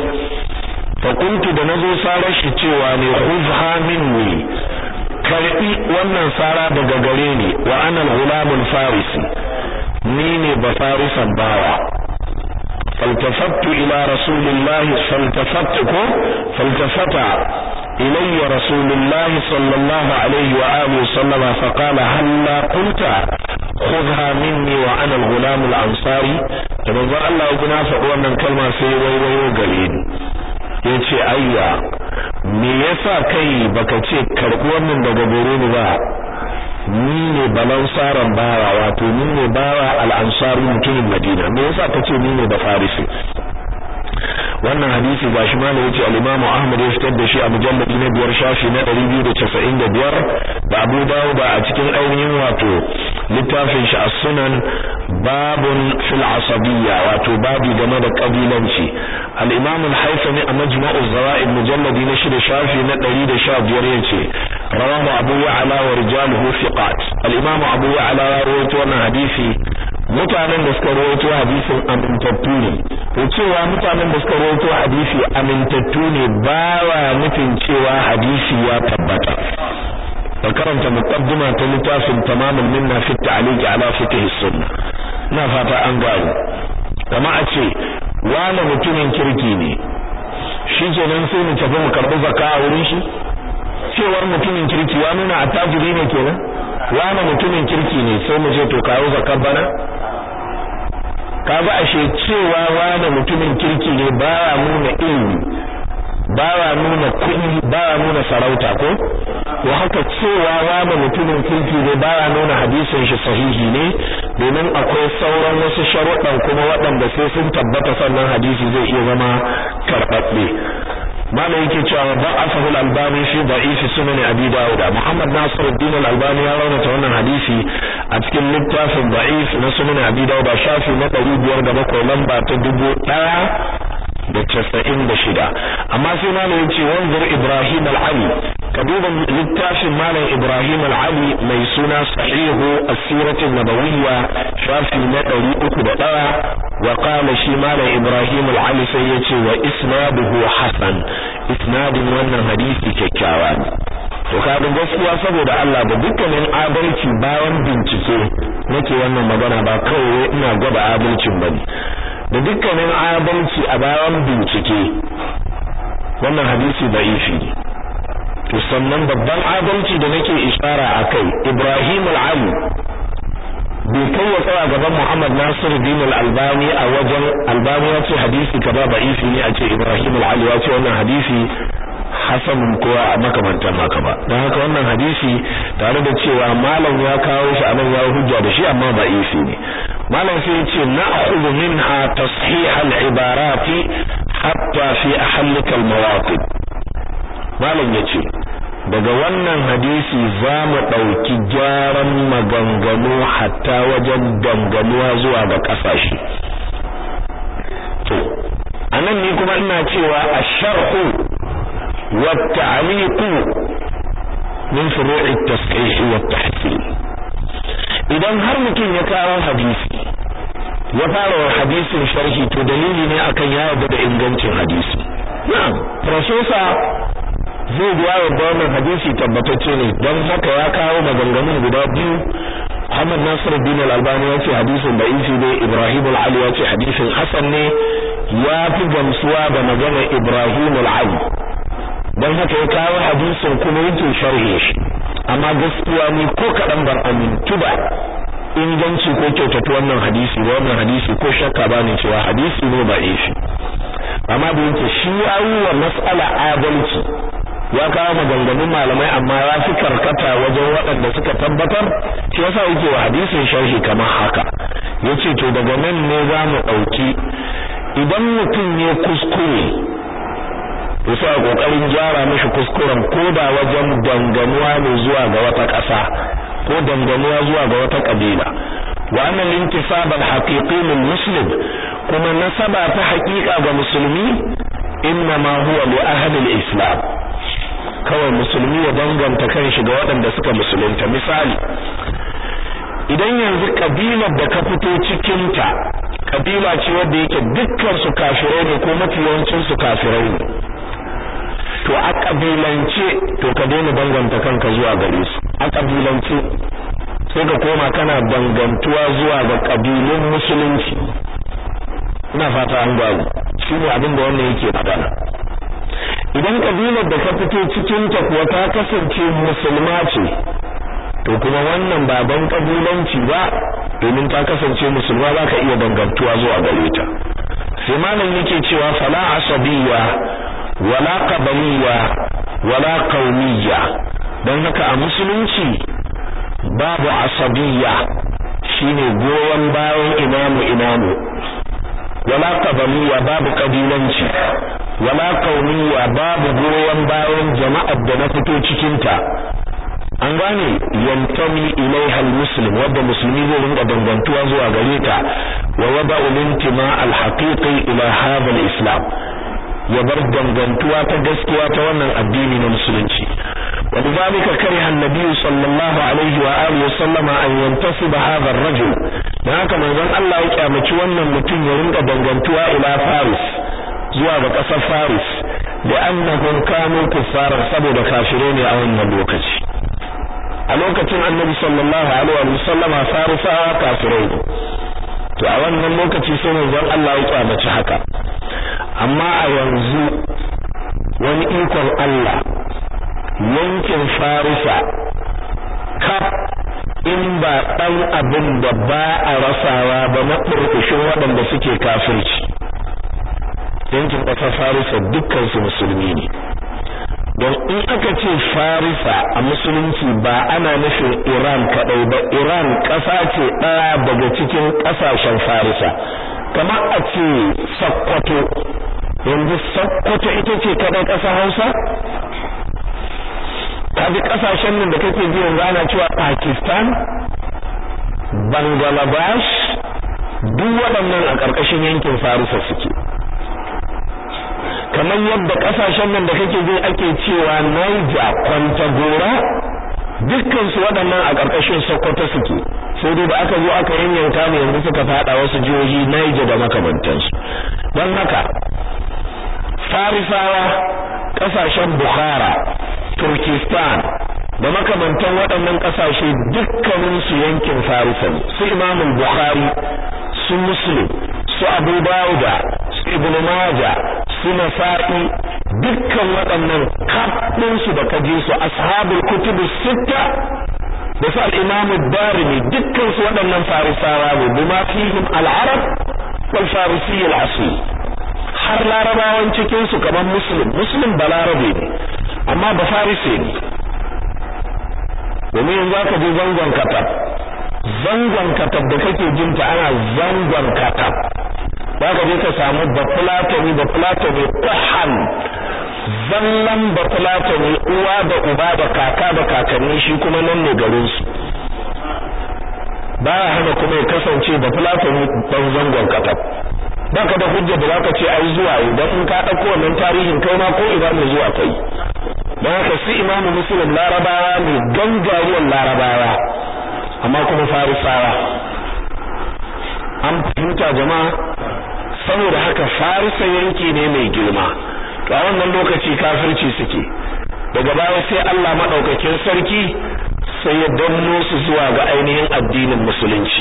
[SPEAKER 1] fa kuntu da nazo sarar shi cewa ne khuzha minni karbi wannan sara daga gare ni wa ana al farisi ni ne ba farisan bawa فالتفت إلى رسول الله فالتفت فالتفت إلي رسول الله صلى الله عليه وآله وسلم فقال هلا قلت خذها مني وأنا الغلام الأنصاري تنظر الله أبنا فأولا من كلمة سيوي ويوغلين ya ce ayya me yasa kai baka ce karɓi wannan daga gare ni ba ni ne balansaran bawa wato ni ne bawa al'ansari mutumin madina me yasa ka ce ni ne da farisi wannan hadisi ba shi malam yace al-Imam Ahmad ya fitar da shi a mujalladi na biyar shafi na 295 da Abu Dawud a cikin ainihin wato littafin shi as-Sunan babun fil asabiyya wato babu game da kabilanci al-Imam al-Haythami a Majma'u Zawaid mujalladi na shida shafi na 115 yace rawahu Abu Ya'la wa rijaluhu thiqat al-Imam Abu Ya'la ya rawaito wannan hadisi mutanen da suka rawaito hadisin amintattu ne to cewa mutanen da suka rawaito hadisi amintattu ne ba wa mutum cewa hadisi ya tabbata ka karanta muqaddima ta littafin tamamul minna fi ta'liqi ala fiqh sunna na fata an gano kama a ce wani mutumin kirki ne shi nan sai mu tafi mu karbi zakka a wurin shi cewar mutumin kirki ya nuna attajiri ne kenan wani mutumin kirki ne sai mu je to kawo zakar bana ka a ashe cewa da mutumin kirki ne ba wa nuna ilimi wa nuna kuɗi wa nuna sarauta ko wa haka cewa da mutumin kirki ne ba wa nuna hadisin shi sahihi ne domin akwai sauran wasu sharuɗan kuma waɗanda sai sun tabbata sannan hadisi zai iya zama karɓaɓɓe malam yake cewa da'afahu al-albani fi da'if sunan abi dawud muhammad nasiruddin al-albani ya rawaita wannan hadisi a cikin littafin da'if na sunan abi dawud shafi na 507 lamba ta 1000 da casa'in da shida amma sai malamin ce wanzar ibrahim al'ali ka duba littafin malam ibrahim al'ali mai suna sahihu asiratin nabawiyya shafi na ɗari uku da ɗaya wa kama shi malam ibrahim al'ali sai ya ce wa isnaduhu hasan isnadin wannan hadisi kyakkyawa to kaga gaskiya saboda Allah ba dukkanin adalci bayan bincike nake wannan magana ba kawai ina gwada adalcin bane da dukkanin adalci a bayan bincike wannan hadisi da'ifi to sannan babban adalci da nake ishara akai Ibrahim al-Ali bai kai ya tsaya gaban Muhammad Nasiru bin al-Albani a wajen Albani ya ce hadisi ba da'ifi ne a ce Ibrahim al-Ali ya ce wannan hadisi hasanun kowa a makamantan haka ba don haka wannan hadisi tare da cewa malam ya kawo shi a nan ya hujja da shi amma ba ne malam sai ya ce na'khudhu minha tashih al-ibarat hatta fi ahlik al-mawaqif malam ya ce daga wannan hadisi zamu mu ɗauki gyaran maganganu hatta wajen ganganuwa zuwa ga ƙasashe to anan ni kuma ina cewa asharhu wa ta'liqu min furu' at-tasqih wa at-tahsil idan har mutum ya kawo hadisi ya fara wa hadisin sharhi to dalili ne akan ya yarda da ingancin hadisi na'am profesa zai biya wa wannan hadisi tabbatacce ne don haka ya kawo maganganun guda biyu Ahmad bin Al-Albani ya ce hadisin da isi ne Ibrahim al-Ali ya ce hadisin Hassan ne ya fi gamsuwa da maganar Ibrahim al-Ali don haka ya kawo hadisin kuma yake sharhe shi amma gaskiya ni ko kaɗan ban amintu ba inganci ko kyautata wannan hadisi ba wannan hadisi ko shakka ba ne cewa hadisi ne ba ishi amma da yake shi ya yi wa mas'ala adalci ya kawo maganganun malamai amma ya fi karkata wajen waɗanda suka tabbatar shi yasa yake wa hadisin sharhi kamar haka yace to daga nan ne za mu ɗauki idan mutum ne kuskure yasa a kokarin gyara mishi kuskuren ko da wajen danganuwa ne zuwa ga wata ƙasa ko danganuwa zuwa ga wata kabila wa annal intisab al haqiqi lil muslim kuma nasaba ta haƙiƙa ga musulmi inna ma huwa li ahli al islam kawai musulmi ya danganta kanshi ga waɗanda suka musulunta misali idan yanzu kabilar da ka fito cikin ta kabila ce wadda yake dukkan su kafirai ne ko mafi yawancin su kafirai ne to a kabilance to ka daina banganta kanka zuwa gare su a kabilance sai ka koma kana dangantuwa zuwa ga kabilun musulunci ina fata an gwagu shi ne abin da wannan yake magana idan kabilar da ka fito cikin ta kuwa ta kasance musulma ce to kuma wannan baban kabilanci ba domin ta kasance musulma za ka iya dangantuwa zuwa gare ta sai malam yake cewa fala asabiya wala qabaliyya wala don haka a musulunci babu asabiyya shine goyon bayan imamu imamu wala qabaliyya babu kabilanci wala babu goyon bayan jama'ar da na fito cikin ta an gane yantami ilaiha almuslim wadda musulmi zai rinka dangantuwa zuwa gare ta wa wada'u lintima alhaqiqi ila hadha alislam ya bar dangantuwa ta gaskiya ta wannan addini na musulunci wani zami ka kare annabi sallallahu alaihi wa alihi sallama an yantasu ba hadar rajul da haka manzon Allah ya kyamaci wannan mutum ya rinka dangantuwa ila faris zuwa ga kasar faris da annabin kanu kufara saboda kafirai ne a wannan lokaci a lokacin annabi sallallahu alaihi wa sallama farisa kafirai ne to a wannan lokaci sai manzon Allah ya kyamaci haka amma a yanzu wani ikon Allah yankin Farisa kaf in ba ɗan abin da ba a rasawa ba na maɓurƙushin waɗanda suke kafirci yankin ƙasar Farisa dukkan su musulmi ne don in aka ce farisa a musulunci ba ana nufin iran kadai ba iran kasa ce daya daga cikin kasashen farisa kamar a ce sakkwato yanzu sakkwato ita ce kadai kasa hausa kaji kasashen nan da kake ji yanzu cewa pakistan bangladesh duk waɗannan a ƙarƙashin yankin farisa suke kamar yadda kasashen nan da kake ji ake cewa Niger Kwantagora dukkan su waɗannan a ƙarƙashin Sokoto suke sai dai da aka zo aka yanyanka mu yanzu suka fada wasu jihohi Niger da makamantansu don haka Farisawa ƙasashen Bukhara Turkistan da makamantan waɗannan ƙasashe dukkaninsu yankin farisa su imamul bukhari su muslim su abu Dawud su ibn Majah suna faɗi dukkan waɗannan kafin su da kaji su ashabul kutubu sitta da su al-imam darimi dukkan su waɗannan farisawa ne ma fihim al-arab wal farisi al har larabawan cikin su kamar muslim muslim balarabe ne amma ba farisi ne domin yanzu ka je zangon katab zangon katab da kake jin ta ana zangon katab ba ka je ka samu bafulatani bafulatani kuhan zallan platoni uwa da uba da kaka da kakanni shi kuma nan ne garin su ba hana kuma ya kasance platoni dan zangon katab ka da hujja da zaka ce ai zuwa idan in ka dauko wannan tarihin kai ma ko idan mu zuwa kai dan haka su imamu muslim larabawa ne gangariyar larabawa amma kuma farisawa an fahimta jama'a saboda haka farisa yanki ne mai girma to a wannan lokaci kafirci suke daga baya sai Allah madaukakin sarki sai ya danno su zuwa ga ainihin addinin musulunci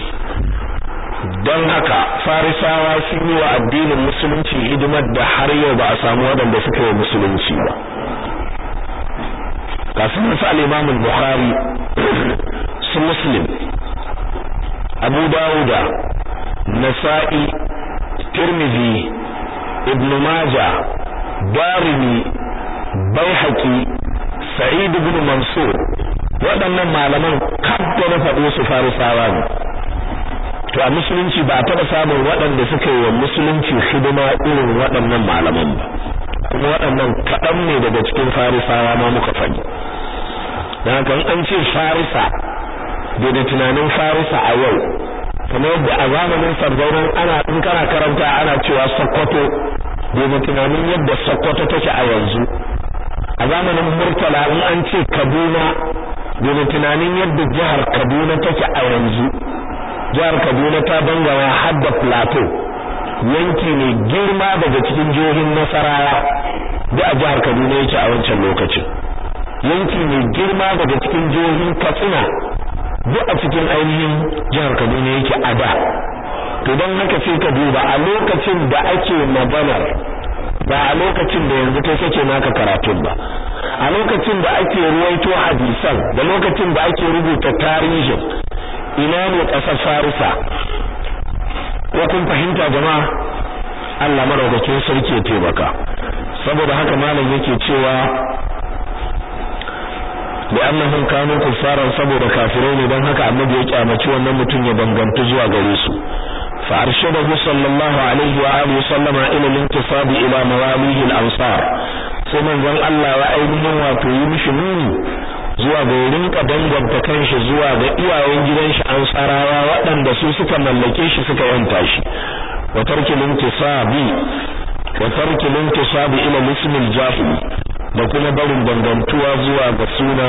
[SPEAKER 1] don haka farisawa sun yi wa addinin musulunci hidimar da har yau ba a samu waɗanda suka yi musulunci ba kasu nasu al'imamun bukhari su muslim abu dawuda nasa'i tirmidhi ibn majah darimi baihaqi sa'id ibn mansur waɗannan malaman kadda na faɗo su farisawa ne to a musulunci ba a taɓa samun waɗanda suka yi wa musulunci hidima irin waɗannan malaman ba kuma waɗannan kaɗan ne daga cikin farisawa ma muka faɗi da haka an ce farisa bai tunanin farisa a yau kamar yadda a zamanin sarzaunan ana in kana karanta ana cewa sokoto bai tunanin yadda sokoto take a yanzu a zamanin murtala in an ce kaduna bai tunanin yadda jihar kaduna take a yanzu jihar kaduna ta bangawa har da plateau yanki ne girma daga cikin jihohin nasarawa da a jihar kaduna yake a wancan lokacin yanki mai girma daga cikin jihohin katsina duk a cikin ainihin jihar Kaduna yake a da to don haka sai ka duba a lokacin da ake magana ba a lokacin da yanzu kai sake naka karatun ba a lokacin da ake ruwaito hadisan da lokacin da ake rubuta tarihin ina ne kasar Farisa ko kun fahimta jama'a Allah madaukakin sarki ya taimaka saboda haka malam yake cewa da annahum kanu kuffaran saboda kafirai ne dan haka annabi ya kyamaci wannan mutum ya banganta zuwa gare su fa arshadahu sallallahu alaihi wa alihi sallama ila al-intisab ila mawalihi al-ansar sai manzon Allah ya ainihin wato yi mishi nuni zuwa ga rinka danganta kanshi zuwa ga iyayen gidan shi ansarawa waɗanda su suka mallake shi suka yanta shi wa tarkil intisabi wa ila al-ism al-jahili da kuma barin dangantuwa zuwa ga suna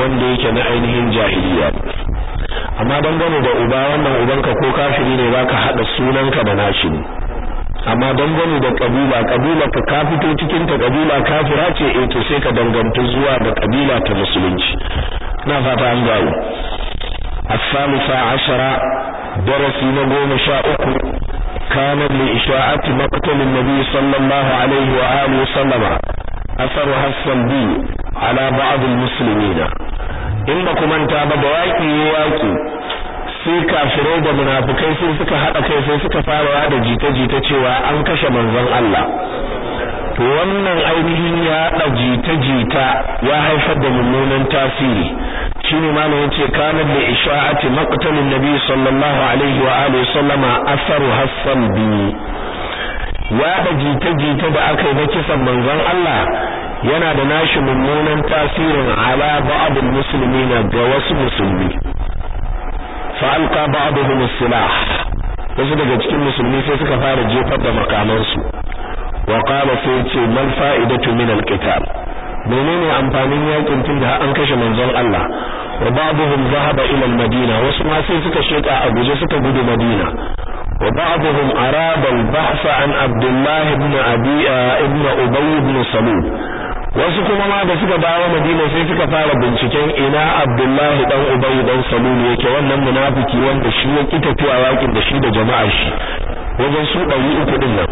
[SPEAKER 1] wanda yake na ainihin jahiliya amma don gano da uba wannan ubanka ko kafiri ne zaka sunan sunanka da nashi amma don gano da kabila kabila ka ka fito cikin ta kabila kafira ce eh to sai ka danganta zuwa ga kabila ta musulunci na fata an gawo goma sha uku نقوم شاءكم كان لإشاعة مقتل النبي صلى الله عليه وآله وسلم Asar Hassan أثرها السلبي على بعض المسلمين in ba ku manta ba da yaƙi yaƙi sai kafirai da munafukai sai suka haɗa kai sai suka farawa da jita-jita cewa an kashe manzon Allah to wannan ainihin ya haɗa jita-jita ya haifar da mummunan tasiri shine malamin yace kana da isha'ati maqtalin nabi sallallahu alaihi wa alihi sallama asaru hasan bi da jita-jita da aka yi na kisan manzon Allah yana da nashi mummunan tasirin ala ba'd na ga wasu musulmi fa alqa ba'dhum silah wasu daga cikin musulmi sai suka fara jefar da makamansu wa qala sai ce mal fa'idatu min al-qital menene amfanin yakin tun da an kashe manzon Allah wa ba'dhum dhahaba ila al-madina wasu ma sai suka sheka a guje suka gudu madina wa ba'dhum araba al an abdullah ibn abi ibn ubay ibn salul wasu kuma ma da suka dawo madina sai suka fara binciken ina abdullah dan ubay dan salul yake wannan munafiki wanda shi ya kita tuwa yakin da shi da jama'ar shi wajen su uku din nan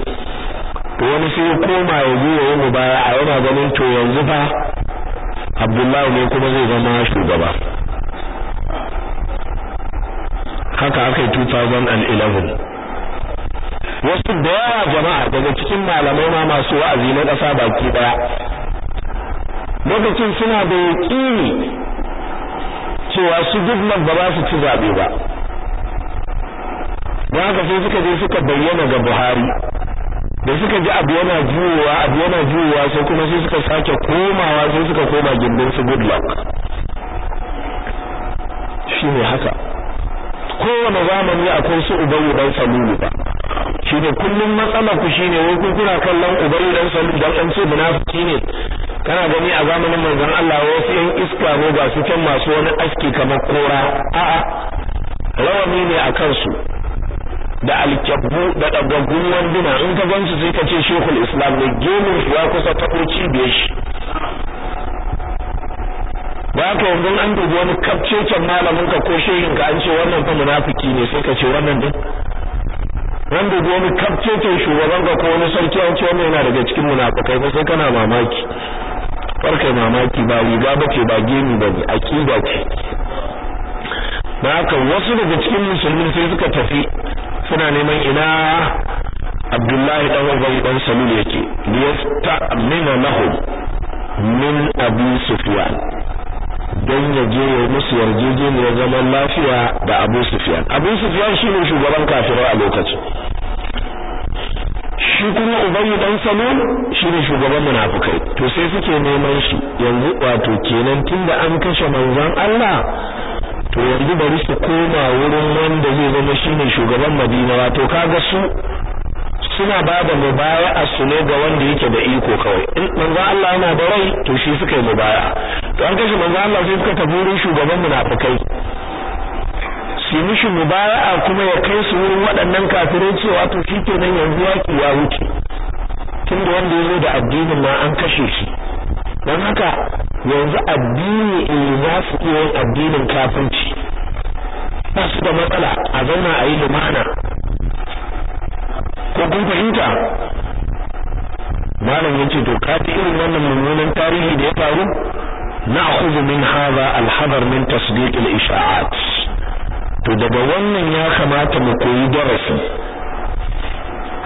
[SPEAKER 1] to wani sai ya koma ya je ya yi mubaya'a yana ganin to yanzu fa Abdullahi ne kuma zai zama shugaba haka aka yi 2011 wasu da yawa jama'a daga cikin malamai ma masu wa'azi na ƙasa baki daya lokacin suna da yaƙini cewa su nan ba za su ci zaɓe ba don haka sai suka je suka bayyana ga buhari da suka ji abu yana juyowa abu yana juyowa sai kuma sai suka sake komawa sai suka koma gindin su goodluck shi ne haka kowane zamani akwai su ubayi dan salulu ba shi ne kullum matsala ku shi ne wai ku kuna kallon ubayi dan salulu dan an ce munafiki ne kana gani a zamanin manzon Allah wasu yan iska ne ga su can masu wani aski kamar kora a'a rawani ne a kansu da alkyabu da dagagun wanduna in ka gansu sai ka ce shekul islam ne gemun ya kusa ta cibiyar shi ba ka yanzu an dubi wani kafcecen malamin ka ko shehin ka an ce wannan fa munafiki ne sai ka ce wannan din an dubi wani kafcecen shugaban ka ko wani sarki an ce wannan yana daga cikin munafikai ba sai kana mamaki farkai mamaki ba riga ba ce ba gemi ba ne aƙida ce ba haka wasu daga cikin musulmi sai suka tafi suna neman ina abdullahi dan wazari dan salul yake liyasta amina lahum min abi sufyan don ya je ya musu yarjejeniyar zaman lafiya da Abu sufiyan Abu shi ne shugaban kafirai a lokacin shi kuma ubayi dan salon ne shugaban munafukai. to sai suke neman shi yanzu wato kenan tunda an kashe manzon Allah to yanzu bari su koma wurin wanda zai zama shi ne shugaban Madina wato kaga su suna ba da mubaya'a a ne ga wanda yake da iko kawai in manzo Allah yana da rai to shi suka yi mubaya'a to an kashe manzo Allah sai suka tafi wurin shugaban munafikai su mishi a kuma ya kai su wurin waɗannan kafirai cewa to shi ke nan yanzu ki ya wuce tunda wanda ya zo da addinin ma an kashe shi don haka yanzu addini in za su iya yin addinin kafinci ba su da matsala a zauna a yi lumana ko kun fahimta malam yace to ka ji irin wannan mummunan tarihi da ya faru na'khudhu min hadha al-hadar min tasdiq al-isha'at to daga wannan ya kamata mu koyi darasi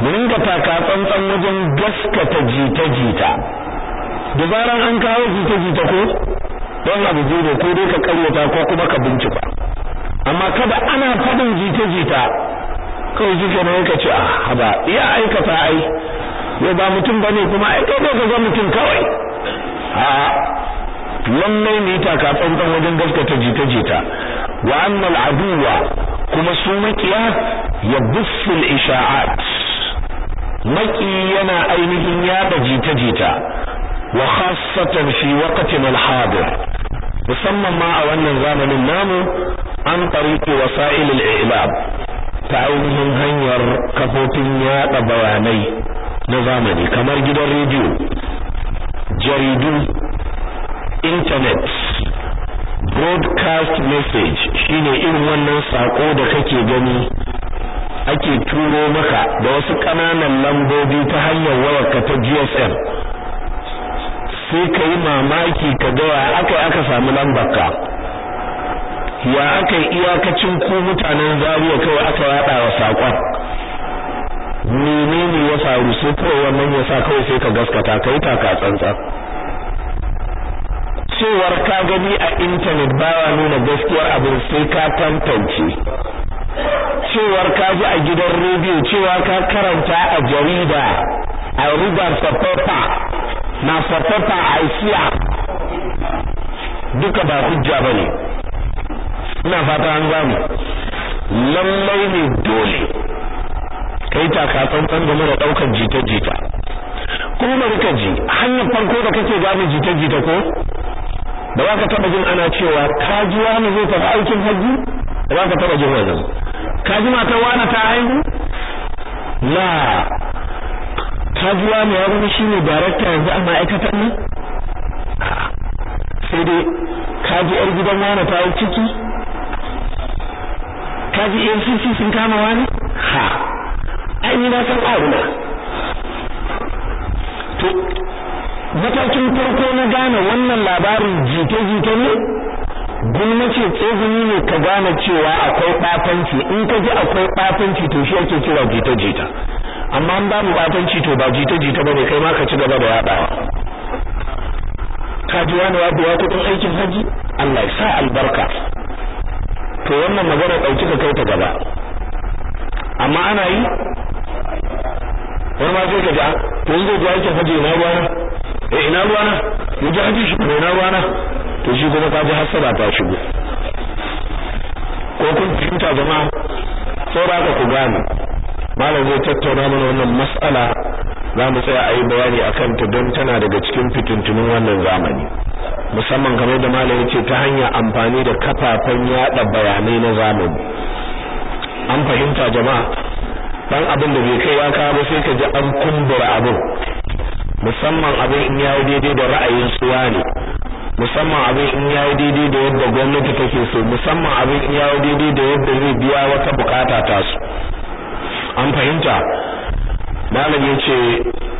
[SPEAKER 1] mu dinga taka tsantsan wajen gaskata jita-jita da an kawo jita-jita ko don abu ne ko dai ka karyata ko kuma ka bincika amma kada ana faɗin jita-jita kawai shi kenan yaka ce a ah, ba iya aikata ai yau ba mutum bane kuma ai kai ka ga mutum kawai a lallai ne ta ka tsantsan wajen gaskata jita-jita wa annal aduwa kuma su makiya ya bussul isha'at maki yana ainihin yada jita-jita wa khassatan fi waqtin al-hadir musamman ma a wannan zamanin namu an tariqi wasa'il al-i'lab ta ainihin hanyar kafofin yada bayanai na zamani kamar gidan rediyo jaridu internet broadcast message shine irin wannan sako da kake gani ake turo maka da wasu kananan lambobi ta hanyar wayarka ta GSM sai ka yi mamaki ka ga aka aka samu lambar ka. ya aka iyakacin ku mutanen Zaria kawai aka yada wa sakon menene ya faru sai kawai wannan ya sa kawai sai ka gaskata kai taka tsantsan cewar ka gani a intanet baya nuna gaskiyar abin sai ka tantance cewar ka ji a gidan rediyo cewa ka karanta a jarida a rubar sapapa na sapapa a isiya duka ba hujja bane ina fata an zamu lallai ne dole kai taka tsantsan game da daukar jita-jita kuma bari ka ji hanyar farko da kake gane jita-jita ko da za ka taba jin ana cewa kaji wani zai tafi aikin hajji da za ka taba jin wannan kaji ta wani ta haihu la kaji wani ya zama shi ne darakta yanzu a ma'aikatar nan sai dai kaji yar gidan wani ta yi ciki Kaji ji AFCC sun kama wani ha ai yi na san to matakin farko na gane wannan labarin jike-jike ne ce tsoguni ne ka gane cewa akwai ɓatanci in ka ji akwai ɓatanci to shi ake kira jita-jita amma an babu ɓatanci to ba jita-jita ba ne kai ma ka ci gaba da yaɗawa ka ji wani wabu ya aikin haji Allah ya sa albarka to wannan magana dauki ka kai ta gaba amma ana yi wani ma sai ka ja ah, to yanzu zai ji haji ina ruwana eh ina ruwana mu ji haji shi ina ruwana to shi kuma ka ji hasara ta shigo ko kun fahimta jama'a ba ka ku gane malam zai tattauna mana wannan mas'ala za mu tsaya a yi bayani a kanta don tana daga cikin fitintunin wannan zamani musamman game da malam ce ta hanyar amfani da kafafen yada bayanai na zamani an fahimta jama'a dan abin da bai kai ya kawo ba sai ka ji an kumbura abin musamman abin in yayi daidai da ra'ayin suwa ne musamman abin in yayi daidai da yadda gwamnati take so musamman abin in yayi daidai da yadda zai biya wata bukata ta su an fahimta malam yace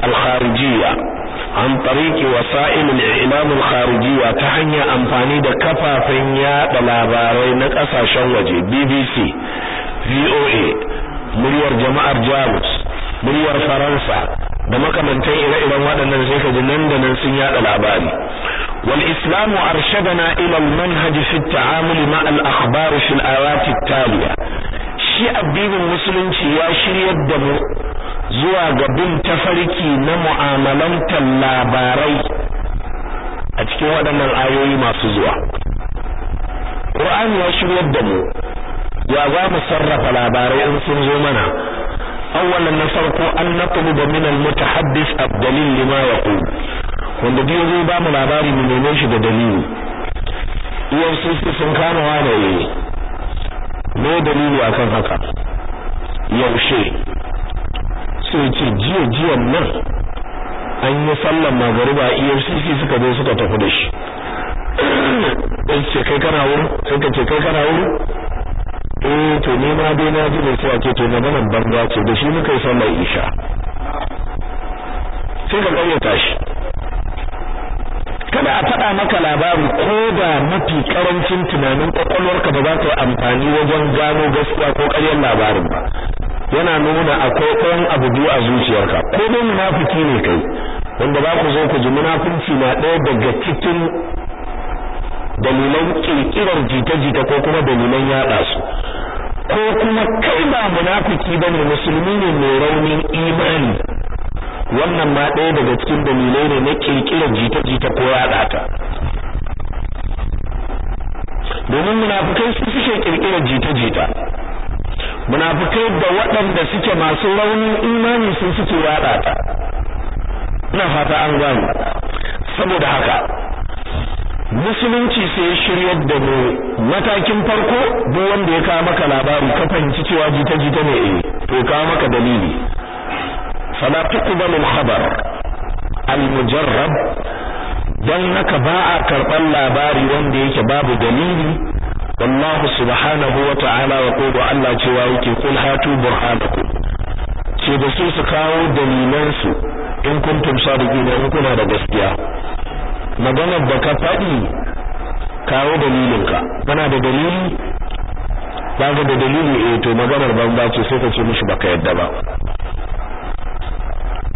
[SPEAKER 1] al-kharijiyya an tariki wasa'il al-i'lam al-kharijiyya ta hanyar amfani da kafafen yada labarai na kasashen waje BBC VOA muryar jama'ar Jamus muryar Faransa da makamantan ire-iren waɗannan sai ka ji nan da nan sun yada labari wal islam arshadana ila al-manhaj fi at-ta'amul ma al-akhbar fi al at-taliya shi addinin musulunci ya shiryar da mu zuwa ga bin tafarki na mu'amalantar labarai a cikin waɗannan ayoyi masu zuwa ƙur'ani ya shiryar da mu ya za mu sarrafa labarai in sun zo mana awwalan na farko an natlubu min al-mutahaddis ad-dalil lima ku? wanda biyu zai ba mu labari mu neme shi da dalili EFCC sun kama wa da yi me dalili akan haka yaushe sai ya ce jiya jiyan nan an yi sallan magariba efcc suka zo suka tafi da shi sai ce kai kana wuri sai ka ce kai kana wuri eh to ni ma dai na ji da sai to ce to maganan banza ce da shi muka yi sallan isha sai ka karyata tashi. kada a faɗa maka labari ko da mafi karancin tunanin kwakwalwarka ba za ta yi amfani wajen gano gaskiya ko ƙaryar labarin ba yana nuna akwai ɗayan abu biyu a zuciyarka ko dai munafiki ne kai wanda za ku zo ku ji munafunci na ɗaya daga cikin dalilan ƙirƙirar jita-jita ko kuma dalilan yaɗa su ko kuma kai ba munafiki ba ne musulmi ne mai raunin imani wannan ma ɗaya daga cikin dalilai ne na ƙirƙirar jita-jita ko yaɗa ta domin munafikai su suke ƙirƙirar jita-jita munafikai da waɗanda suke masu raunin imani sun suke yada ta ina fata an gano saboda haka musulunci sai shiryar da mu matakin farko duk wanda ya kawo maka labari ka fahimci cewa jita jita ne eh to kawo maka dalili fala tuqbalu al-khabar al-mujarrab dan naka ba a karban labari wanda yake babu dalili wallahu subhanahu wa ta'ala wa qulu Allah cewa yake kul hatu burhanakum ce da su su kawo dalilan su in da sadiqina in kuna da gaskiya maganar da ka faɗi kawo dalilinka kana da dalili ba da dalili eh to maganar ba ce sai ka ce mishi baka yadda ba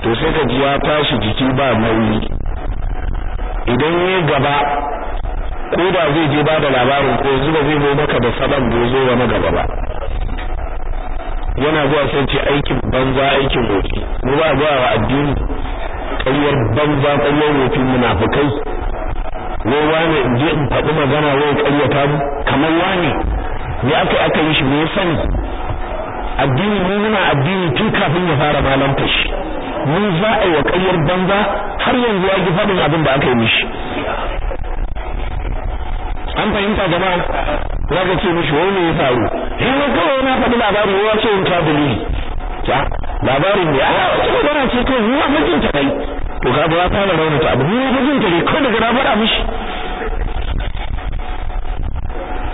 [SPEAKER 1] to sai ka ji ya tashi jiki ba nauyi idan ya gaba ko da zai je ba da labarin ko zuba zai zo maka da sabon da zo wani gaba ba yana zuwa sai ce aikin banza aikin roki mu ba zuwa wa addini kariyar banza ƙaryar wofi munafukai wai wane in je in faɗi magana wai ƙaryata mu kamar wane ne aka aka yi shi me sani addini mu muna addini tun kafin ya fara malamta fashi mun za a yi wa ƙaryar banza har yanzu ya ji faɗin abin da aka yi mishi an fahimta zama za ka ce mishi wai me ya faru shi ne kawai na faɗi labari ruwa ce in kabili ta labarin ne a ah, wata magana ce kawai ruwa mijin ta kai to ka ba fara raunata abu ni mijin ta ne kawai daga na faɗa mishi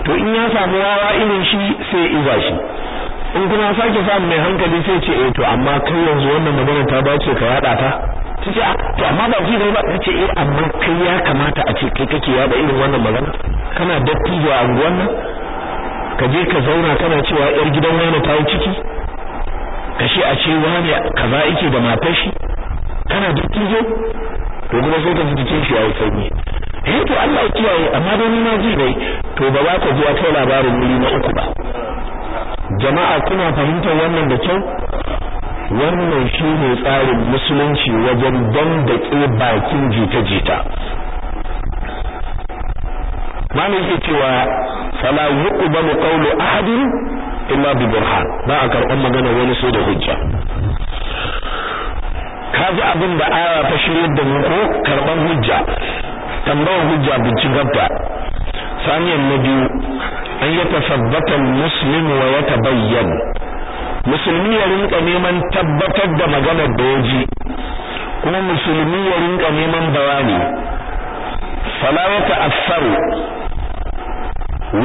[SPEAKER 1] to in ya samu wawa irin shi sai iza shi in kuma sake samu mai hankali sai ce eh to amma kai yanzu wannan magana ta dace ka yada ta su ce to amma ba ji ba su ce eh amma kai ya kamata a ce kai kake yaba irin wannan magana kana dattijo a unguwan nan ka je ka zauna kana cewa yar gidan wani ta yi ciki kashe a ce wani kaza yake da matar shi kana dattijo to kuma sai ka cikin shi a wuce eh to Allah ya kiyaye amma don ni na ji dai to ba za ka ji kai labarin wuri na uku ba jama'a kuna fahimtar wannan da kyau wannan shi ne tsarin musulunci wajen da ke bakin jita-jita ne ke cewa fala yuqbalu a ahadin illa bi burhan ba a karɓar magana wani sai da hujja kaji abin da aya ta shirya da mu ko karɓar hujja Tambawa hujja bincin gabta saniyan na biyu an yata sabbatan muslimu wa bayyana musulmi ya rinka neman tabbatar da maganar da ya ji kuma musulmi ya rinka neman bayani fala ya ta'assaru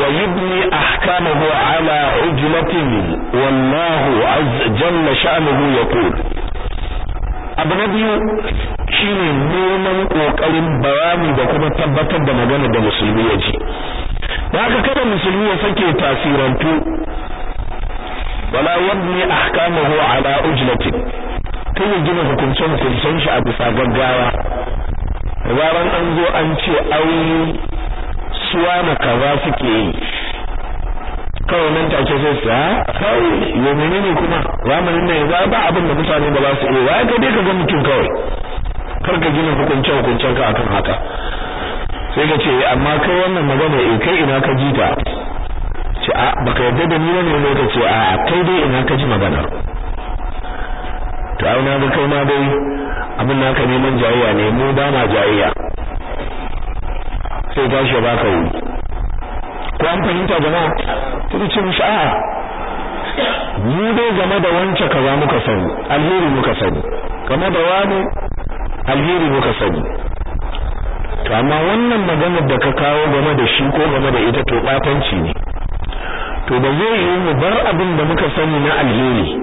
[SPEAKER 1] wa yubni ahkamahu ala ujmatin wallahu azza jalla sha'nuhu yaqul abu na biyu shine neman kokarin bayani da kuma tabbatar da magana da musulmi ya ji da haka kada musulmi ya sake tasirantu wala yabni ahkamahu ala ujlatin kai ya gina hukuncen hukuncen shi a bisa gaggawa zaran an zo an ce ai suwa na kaza suke yi kawai nan take sai sa, ha kawai yo menene kuma zamanin nan yanzu ba abin da mutane ba za su iya wai ka dai ka ga mutum kawai kar ka gina hukuncin hukuncin ka akan haka sai ka ce amma kai wannan magana eh kai ina ka ji ta ce a baka yarda da ni ne ne ce a kai dai ina ka ji magana to ai na ga kai ma dai abin na ka neman jayayya ne mu ba ma jayayya sai shi ba ka yi ko an fahimta jama'a sai ce mishi a'a mu dai game da wancan kaza muka sani alheri muka sani game da wani alheri muka sani to amma wannan maganar da ka kawo game da shi ko game da ita to batanci ne to ba zai yi mu bar abin da muka sani na alheri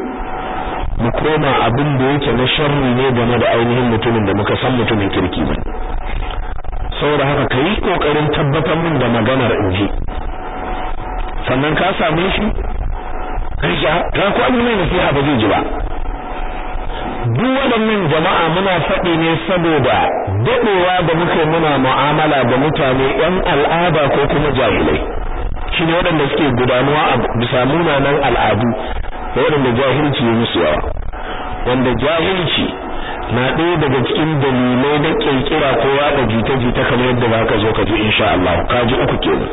[SPEAKER 1] mu koma abin da yake na sharri ne game da ainihin mutumin da muka san mutumin kirki ba saboda haka ka yi kokarin tabbatar min da maganar in ji sannan ka same shi rija ga ko abin mai nasiha ba zai ji ba duk waɗannan jama'a muna faɗi ne saboda daɗewa da muke muna mu'amala da mutane 'yan al'ada ko kuma jahilai shine waɗanda suke gudanuwa a bisa munanan al'adu da waɗanda jahilci ya musu yawa wanda jahilci na ɗaya daga cikin dalilai na ƙirƙira ko yaɗa jita-jita kamar yadda za ka zo ka ji insha Allah ka ji uku kenan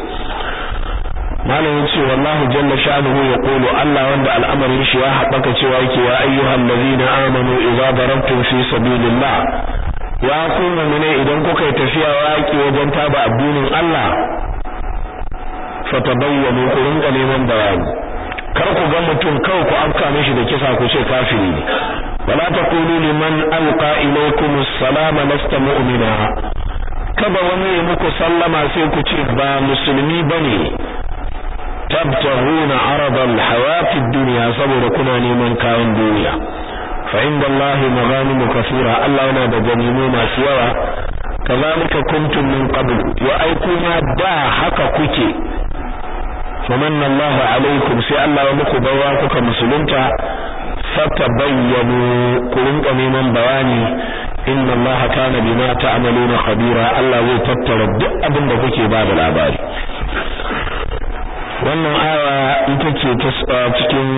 [SPEAKER 1] malam yace wallahi jalla ya yaqulu Allah wanda al'amarin shi ya haɓaka cewa yake ya ayyuhal ladina amanu idza darabtum fi sabilillah ya kuma mu'mine idan kuka yi tafiya waƙi wajen taba addinin Allah fatabayyanu ku rinka neman bayani kar ku ga mutum kawai ku afka mashi da kisa ku ce kafiri Bala wala taqulu liman alqa ilaykum as-salama lasta mu'mina kada wani ya muku sallama sai ku ce ba musulmi bane Tabtar arada al-hayati duniya saboda kuna neman kayan duniya fa inda Allah maghanim kathira Allah yana da ganimo masu yawa kazalika kuntum min qabl wa aikuma da haka kuke famanna Allahu alaikum sai Allah ya muku bawa kuka musulunta fatabayyanu ku rinka neman bayani inna Allah kana bima ta'maluna khabira Allah zai tattara duk abin da kuke ba da labari wannan aya ita ce ta cikin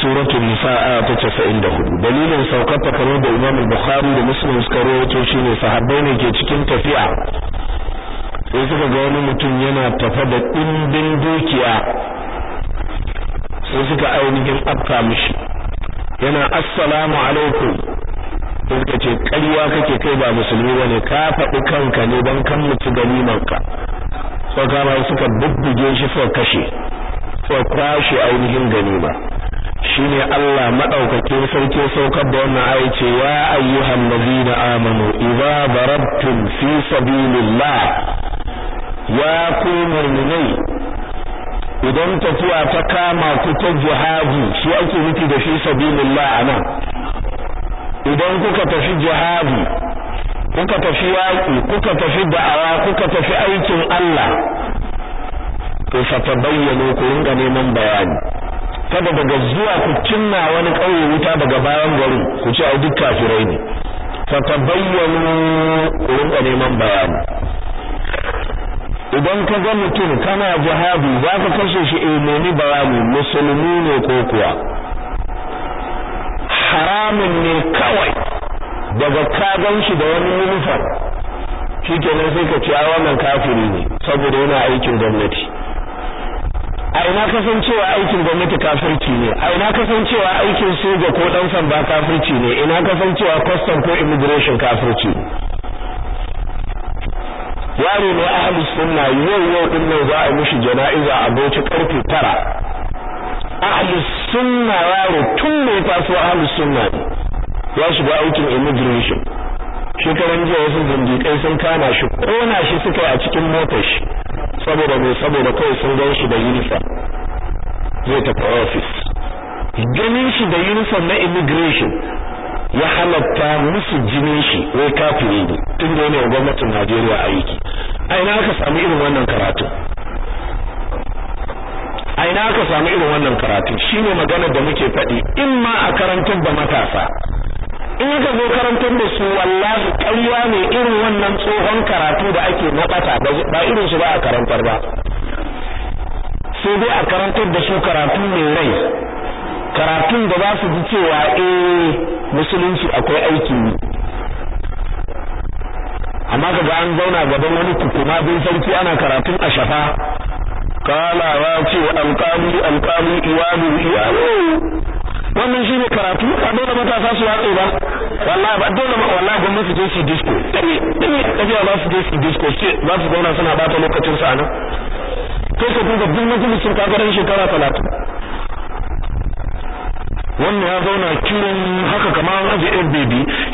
[SPEAKER 1] suratul nisa aya ta 94 dalilin saukar ta kamar da Imam Bukhari da Muslim suka rawaito shine sahabbai ne ke cikin tafiya sai suka ga wani mutum yana tafa da ɗimbin dukiya sai suka ainihin afka mishi yana assalamu alaikum sai suka ce ƙarya kake kai ba musulmi bane ka faɗi kanka ne don kan mutu ganimanka sau kama suka bubbuge shi sau kashe sau kwashe ainihin ganima shine Allah madaukakin sarki saukar da wannan ayi ce ya ayyuhan ladina amanu idza darabtum fi sabilillah ya ku murmunai idan tafiya ta kama ku ta jihadi shi ake nufi da fi sabilillah nan? idan kuka tafi jihadi kuka tafi yaƙi kuka tafi da'awa kuka tafi aikin Allah to ta bayyana ku ringa neman bayani kada daga zuwa ku cinna wani ƙauye wuta daga bayan garin ku ci a duk kafirai ne ta bayyana ku ringa neman bayani idan ka ga mutum kana jihadi za ka kashe shi eh nemi bayani musulmi ne ko kuwa haramun ne kawai daga ka gan shi da wani ke nan sai ka ce a wannan kafiri ne saboda yana aikin gwamnati a ina kasancewa aikin gwamnati kafirci ne a ina kasancewa aikin soja ko dan sanda kafirci ne ina kasancewa custom ko immigration kafirci ne yaro ne a ahli sunna yau yau din nan za a mishi jana'iza a bauchi karfe tara ahli sunna yaro tun mai taso ahli sunna ya shiga aikin immigration shekaran jiya wasu zindikai sun kama shi kona shi suka a cikin motar shi saboda mai saboda kawai sun gan shi da yunifa zai tafi office ganin shi da yunifa na immigration ya halatta musu jinin shi wai kafiri ne tun da yana gwamnatin Najeriya aiki aina aka samu irin wannan karatu aina aka samu irin wannan karatu shine maganar da muke faɗi in ma a karantar da matasa in ka zo karantar da su wallahi ƙarya ne irin wannan tsohon karatu da ake nabata ba irin shi ba a karantar ba sai dai a karantar da su karatu mai rai karatun da za su ji cewa eh musulunci akwai aiki ne amma kaga an zauna gaban wani kukuma bin sarki ana karatun a shafa kala ya ce alƙali alƙali iwalu iwalu wannan ne karatu a dole matasa su watsa ba wallahi ba dole wallahi gwamnati je su disco dai dai tafiya ba su je su disco ce za su zauna suna bata lokacin sa nan kai ka duba duk majalisin kagaran shekara 30 wannan ya zauna kiran haka kamar an aje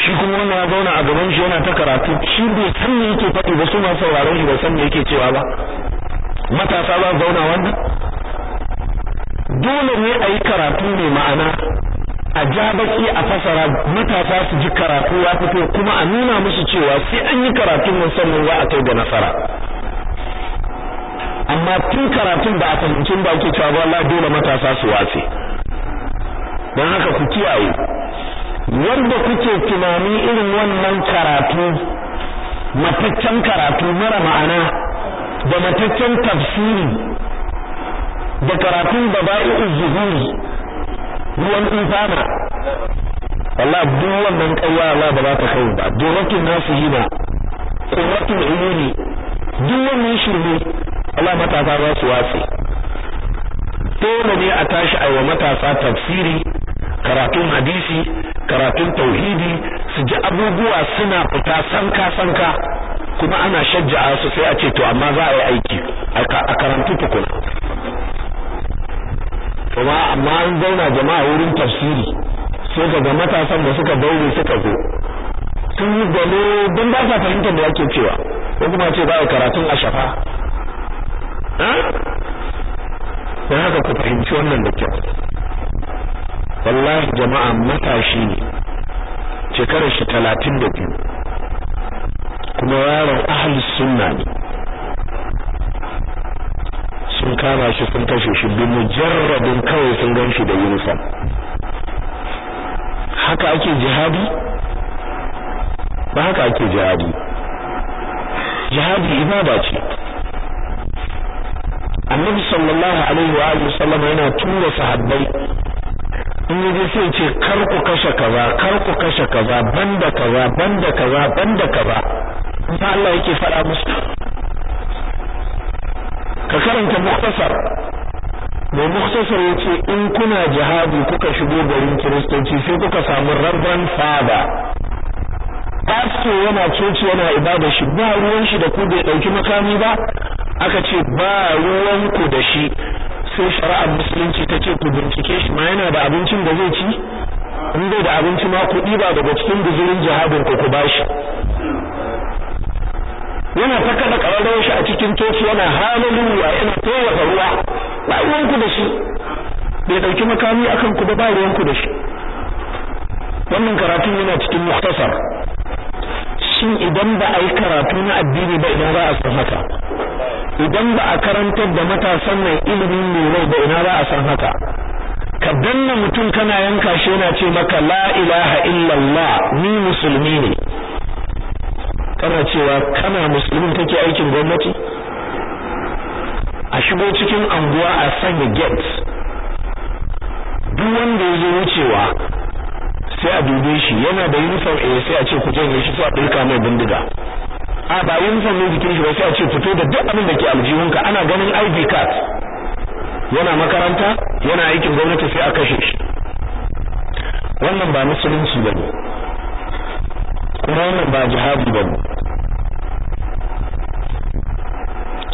[SPEAKER 1] shi kuma wannan ya zauna a gaban shi yana ta karatu shi bai san me yake faɗi ba su ma sauraron shi ba san me yake cewa ba matasa ba zauna wannan dole ne a yi karatu ne ma'ana a ja baki a fasara matasa su ji karatu ya fito kuma a nuna musu cewa sai an yi karatun san mun za a kai da nasara amma tun karatun ba a fahimcin ba ke cewa dole matasa su wace. don haka ku kiyaye wanda kuke tunani irin wannan karatu mataccen karatu mara ma'ana da mataccen tafsiri da karatun da ba'i'u zuhuri ruwan ifana Allah duk wannan kaiwa Allah ba za ta kai ba dokokin nasu yi ba qurratul ne duk wannan shirme Allah matasa za su watsi dole ne a tashi a matasa tafsiri karatun hadisi karatun tauhidi su ji abubuwa suna fita sanka sanka kuma ana shajja'a su sai a ce to amma za a yi aiki a karantu tukuna kuma amma an zauna jama'a wurin tafsiri sai daga matasan da suka daure suka zo sun yi gano don ba sa fahimtar da yake cewa ko kuma ce za a karatun a shafa don haka ku fahimci wannan da kyau wallahi jama'a matashi ne shekarar shi talatin da biyu kuma yaron ahli sunna ne sun kama shi sun kashe shi bi mujarradin kawai sun gan shi da yunifam haka ake jihadi ba haka ake jihadi jihadi ibada ce annabi sallallahu alaihi wa alihi wasallam yana tura sahabbai in yaje sai ce kar ku kashe kaza kar ku kashe kaza banda kaza banda kaza banda kaza ba Allah yake faɗa musu ka karanta muktasar mai muktasar yace in kuna jihadi kuka shigo garin kiristoci sai kuka samu rabban fada pastor yana coci yana ibada shi ba ruwan shi da ku bai dauki makami ba aka ce ba ruwan ku da shi sai shari'ar musulunci ta ce ku bincike shi ma yana da abincin da zai ci in zai da abinci ma kuɗi ba daga cikin guzurin jihadin ku ba shi yana ta kada ƙararrawar shi a cikin toki yana halaluwa yana kowace ruwa ba ku da shi bai ɗauki makami kan ku ba ba ku da shi wannan karatun yana cikin muktasar shin idan ba a yi karatu na addini ba idan za a san haka idan ba a karantar da matasan mai ilimin rai da ina za a san haka ka danna mutum kana yanka shi yana ce maka la ilaha illallah ni musulmi ne kana cewa kana musulmin take aikin gwamnati a shigo cikin anguwa a sanya gate duk wanda ya zo wucewa sai a dube shi yana da uniform eh sai a ce ku janye shi sai a ɗauka mai bindiga a ba son ne jikin shi ba sai a ce fito da duk abin da ke aljihun ka ana ganin ID card yana makaranta yana aikin gwamnati sai a kashe shi wannan ba musulunci ba ne kuma wannan ba jihadi ba ne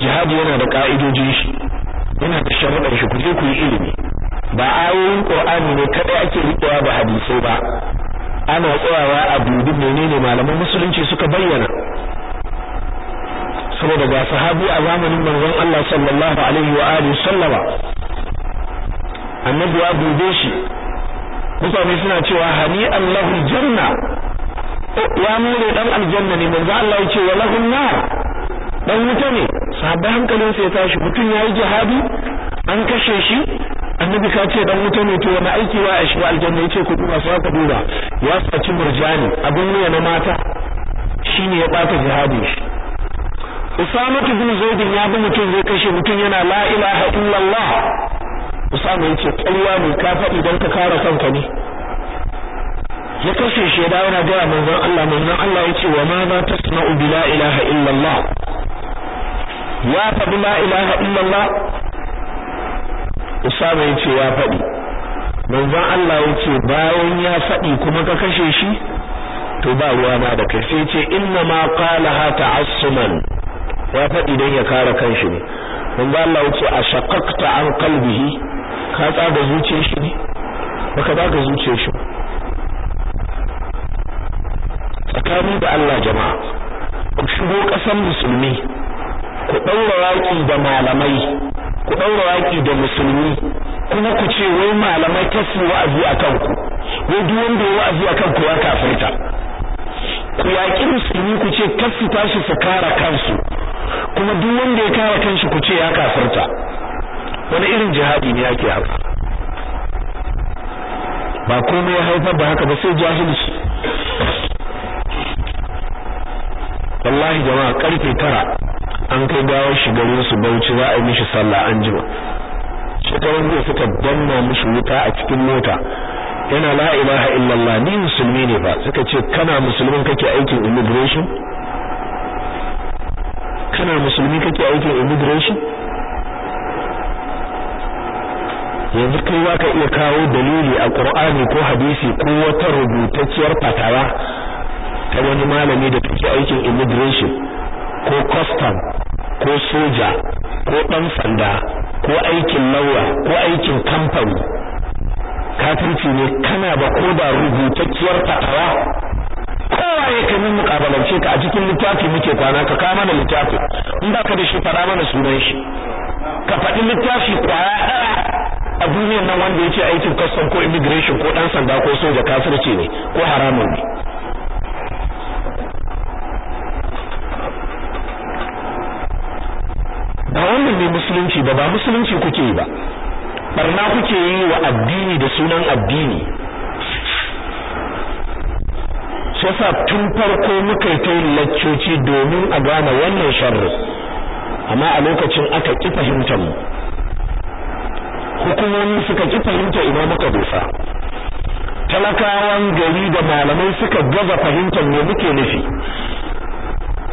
[SPEAKER 1] jihadi yana da ka'idojin shi yana da sharuɗar shi ku je ku yi ilimi ba ayoyin qur'ani ne kada ake riƙewa ba hadisai ba ana tsawawa a dubi menene malaman musulunci suka bayyana saboda ga sahabi a zamanin manzon Allah sallallahu alaihi wa alihi sallama annabi ya dube shi mutane suna cewa hani Allahu janna ya mure dan aljanna ne manzo Allah ya ce wa nar dan wuta ne sahabbai hankalin sa ya tashi ya yi jihadi an kashe shi annabi ka ce dan wuta ne to wani aiki wa a shiga aljanna ce ku duba sai ka duba ya saci murjani abin ne na mata shine ya bata jihadin shi usama ibn zaid ya bi mutum zai kashe mutum yana la ilaha illallah usama yace ƙarya ne ka faɗi dan ka kare kanka ne ya kashe shi da yana na manzon Allah manzon Allah yace wa ma ta tasma'u bi la ilaha illallah ya faɗi la ilaha illallah usama yace ya faɗi manzon Allah yace bayan ya fadi kuma ka kashe shi to ba ruwa na da kai sai ce inna ma qalaha ta'assuman ya faɗi don ya kare kanshi ne don ba Allah wuce a shakakta an kalbihi ka tsaga zuciyar shi ne baka tsaga zuciyar shi tsakani da Allah jama'a ku shigo ƙasar musulmi ku ɗaura waƙi da malamai ku ɗaura waƙi da musulmi kuma ku ce wai malamai ta su wa'azi a kanku wai duk wanda ya wa'azi a kanku ya kafirta ku yaƙi musulmi ku ce kar tashi su kara kansu kuma duk wanda ya kara kanshi ku ce ya kafirta wani irin jihadi ne yake haka ba komai ya haifar da haka ba sai jahilci wallahi jama'a karfe tara an kai gawar shi su bauchi za a yi mishi sallah an jima shekarun zai suka danna mishi wuta a cikin mota yana la ilaha illallah ni musulmi ne ba suka ce kana musulmin kake aikin immigration kana musulmi kake aikin immigration yanzu kai za ka iya kawo dalili a Qur'ani ko hadisi ko wata rubutacciyar fatawa ta wani malami da ke aikin immigration ko custom ko soja ko dan sanda ko aikin lauya ko aikin kamfani kafirci ne kana da koda rubutacciyar fatawa waye ka min mukabalance ka a cikin littafi muke kwana ka kama da littafi in baka da shi fara mana sunan shi ka faɗi littafi kwaya a duniyar nan wanda ya ce aikin custom ko immigration ko ɗan sanda ko soja kafirci ne ko haramun ne ba wannan ne musulunci ba ba musulunci kuke yi ba barna kuke yi wa addini da sunan addini shi sa tun farko muka yi ta yin laccoci domin a gane wannan sharri amma a lokacin aka ƙi fahimtar mu hukumomi suka ƙi fahimta ina muka dosa talakawan gari da malamai suka gaza fahimtar me muke nufi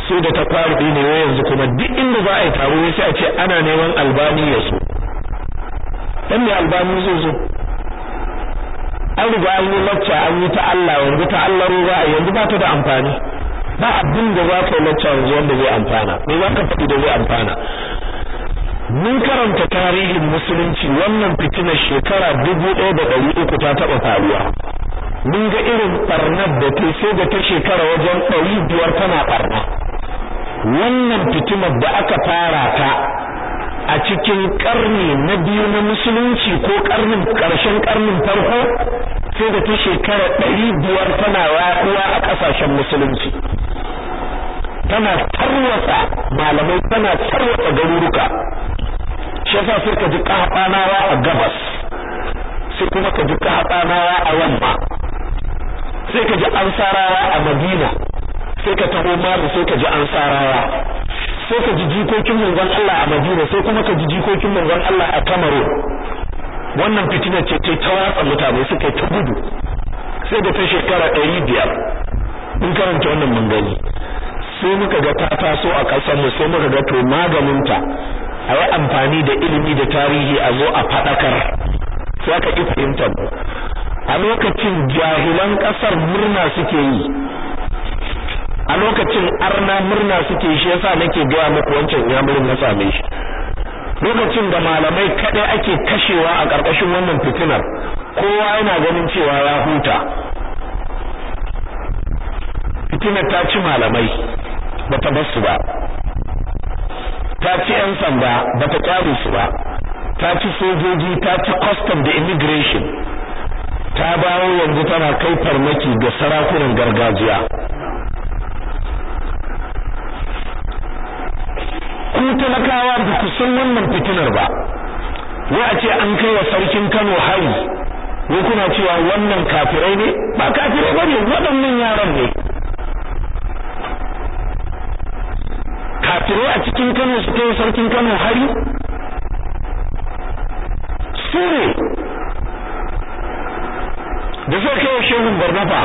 [SPEAKER 1] sai da ta ne yanzu kuma duk inda za a yi taro sai a ce ana neman albani ya dan mai albani zai zo an riga an yi lacca an yi ta Allah yanzu ta Allah ruwa yanzu ba ta da amfani ba abin da za ka yi lacca yanzu wanda zai amfana me za ka faɗi da zai amfana mun karanta tarihin musulunci wannan fitina shekara dubu ɗaya da ɗari uku ta taɓa faruwa mun ga irin ɓarnar da ta sai da ta shekara wajen ɗari biyar tana ɓarna wannan fitinar da aka fara ta a cikin karni na biyu na musulunci ko karnin karshen karnin farko sai da ta shekara ɗari biyar tana rayuwa a ƙasashen musulunci tana tarwasa malamai tana tarwasa garuruka shi sai ka ji ƙahaɓanawa a gabas sai kuma ka ji ƙahaɓanawa a yamma sai ka ji ansarawa a madina sai ka taho malu sai ka ji ansarawa sai ka ji jikokin manzon Allah a Madina sai kuma ka ji jikokin manzon Allah a kamaru wannan fitina ce ta watsa mutane suka ta gudu sai da ta shekara 500 in karanta wannan mun sai muka ga ta taso a kasar mu sai muka ga to maganin ta a yi amfani da ilimi da tarihi a zo a fadakar sai ka ki fahimta a lokacin jahilan kasar murna suke yi a lokacin arna murna suke shi yasa nake gaya muku wancan murin na same shi lokacin da malamai kaɗai ake kashewa a ƙarƙashin wannan fitinar kowa yana ganin cewa ya huta fitinar ta ci malamai bata basu ba ta ci 'yan sanda bata ƙyare su ba ta ci sojoji ta ci custom da immigration ta bawo yanzu tana kai farmaki ga sarakunan gargajiya ku talakawa ba ku san wannan fitinar ba wai a ce an kai wa sarkin Kano hari ko kuna cewa wannan kafirai ne ba kafirai bane waɗannan yaran ne kafirai a cikin Kano su kai sarkin Kano hari su da suka kai shehun Barnafa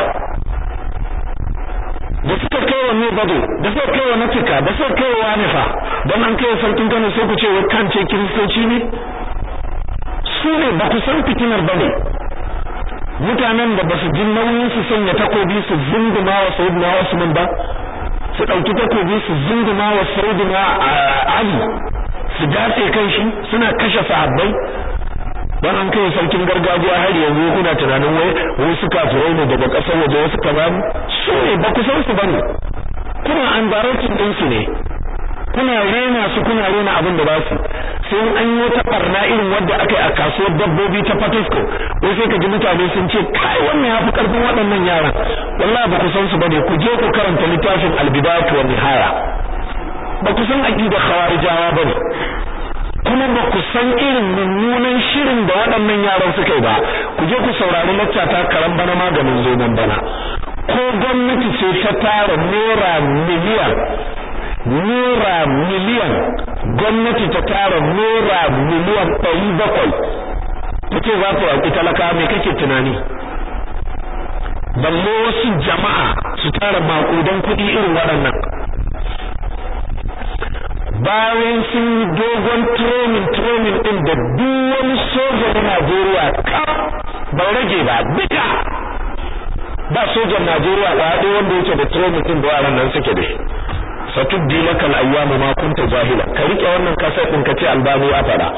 [SPEAKER 1] da suka kai wa Mibado da suka kai wa cika da suka kai wa Wanifa don an kai sarkin Kano sai ku ce wa kance kiristoci ne su ne ba ku san fitinar ba ne mutanen da ba su ji nauyin su sanya takobi su zunguma wa Sayyidina Usman ba su ɗauki takobi su zunguma wa Sayyidina ah, Ali su dace kan shi suna kashe sahabbai don an kai sarkin gargajiya har yanzu kuna tunanin wai wasu kafirai ne daga ƙasar waje wasu kaza su ne ba ku san su bane kuna an barakin din ne kuna rena su kuna rena abin da ba su sai an yi wata barna irin wadda aka yi a kasuwar dabbobi ta Patisco wai sai ka ji mutane sun ce kai wannan ya fi karfin waɗannan yaran wallahi ba ku san su bane ku je ku karanta littafin albidatu wa nihaya ba ku san aqidar khawarijawa bane kuma ba ku san irin mummunan shirin da waɗannan yaran suka yi ba ku je ku saurari lacca ta karan bana maganin zoben bana ko gwamnati ce ta tara naira miliyan naira miliyan gwamnati ta tara naira miliyan ɗari bakwai ta za ku raƙi talaka mai kake tunani balle wasu jama'a su tara maƙudan kuɗi irin waɗannan bayan sun yi dogon training training din da duk wani soja na Najeriya kaf ba rage ba duka ba sojan Najeriya ba dai wanda yake da training din da yaran nan suke da satuddi laka al-ayyamu ma kunta jahila ka rike wannan kasar din kace albani a fara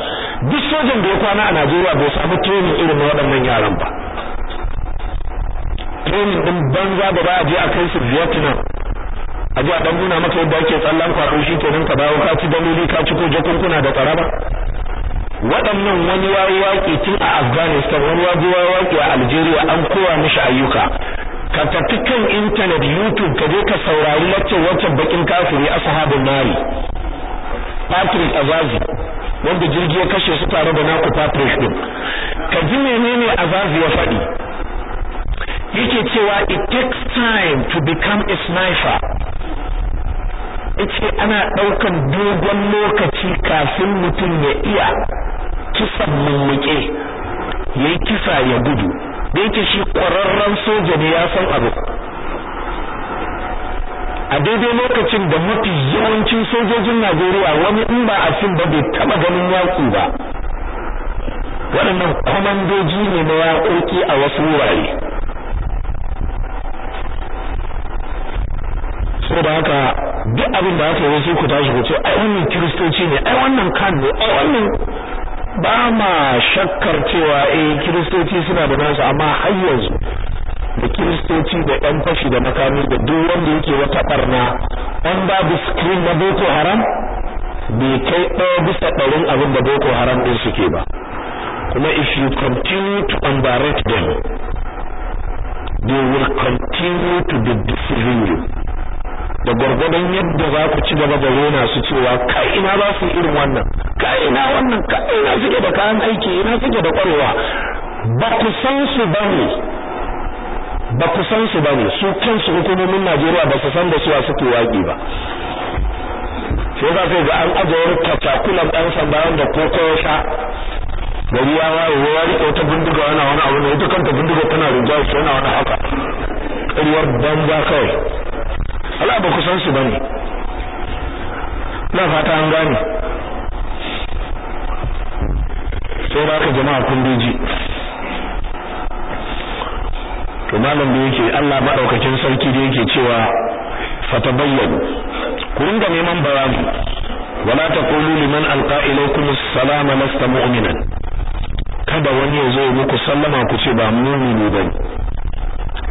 [SPEAKER 1] duk sojan da ya kwana a Najeriya bai samu training irin waɗannan yaran ba training din banza da ba a je a kai su Vietnam a ji a dan nuna maka yadda ake tsallan kwaɗo shi kenan ka bawo ka ci daloli ka ci ko jakunkuna da tsaraba waɗannan wani yayi waƙi tun a Afghanistan wani yaji waƙi a Algeria an kowa mishi ayyuka ka tafi kan intanet YouTube ka je ka saurari lacce wacce bakin kafiri sahabin nari Patrick Azazi wanda jirgi ya kashe su tare da naku Patrick din ka ji menene Azazi ya faɗi yake cewa it takes time to become a sniper ce ana ɗaukan dogon lokaci kafin mutum ya iya kisan mummuke yi kisa ya gudu da yake shi kwararren soja ne ya san abu a daidai lokacin da mafi yawancin sojojin Najeriya wani in ba a cin ba bai taba ganin yaƙi ba waɗannan kwamandoji ne na yaƙoƙi a wasu wurare saboda haka duk abin da aka yi sai ku tashi ku ce ai wannan kristoci ne ai wannan kan ne ai wannan ba ma shakkar cewa eh kiristoci suna da nasu amma har yanzu da kristoci da ɗan fashi da makami da duk wanda yake wata barna an bi screen na boko haram bai kai ɗaya bisa ɗarin abin da boko haram ɗin suke ba kuma if you continue to underrate them they will continue to be deceiving you da gwargwadon yadda za ku ci gaba da rona su cewa kai ina za su irin wannan kai ina wannan kai ina suke da kayan aiki ina suke da kwarewa ba ku san su bane ba ku san su bane su kansu hukumomin Najeriya ba su san da suwa suke waki ba sai za sai ga an aje wani katakulan ɗan sanda wanda ko koyasa gari ya waye ya yi ta bindiga wani abu ne ita kanta bindiga tana riga shi wani wani haka ƙaryar banza kawai wala ba ku san su bane na fata an gane sai ba ka jama'a kun biji to malam da yake Allah madaukakin sarki da yake cewa fatabayyanu ku ringa neman bayani wala taqulu liman alqa ilaykum as lasta mu'minan kada wani ya zo muku sallama ku ce ba mu'mini bane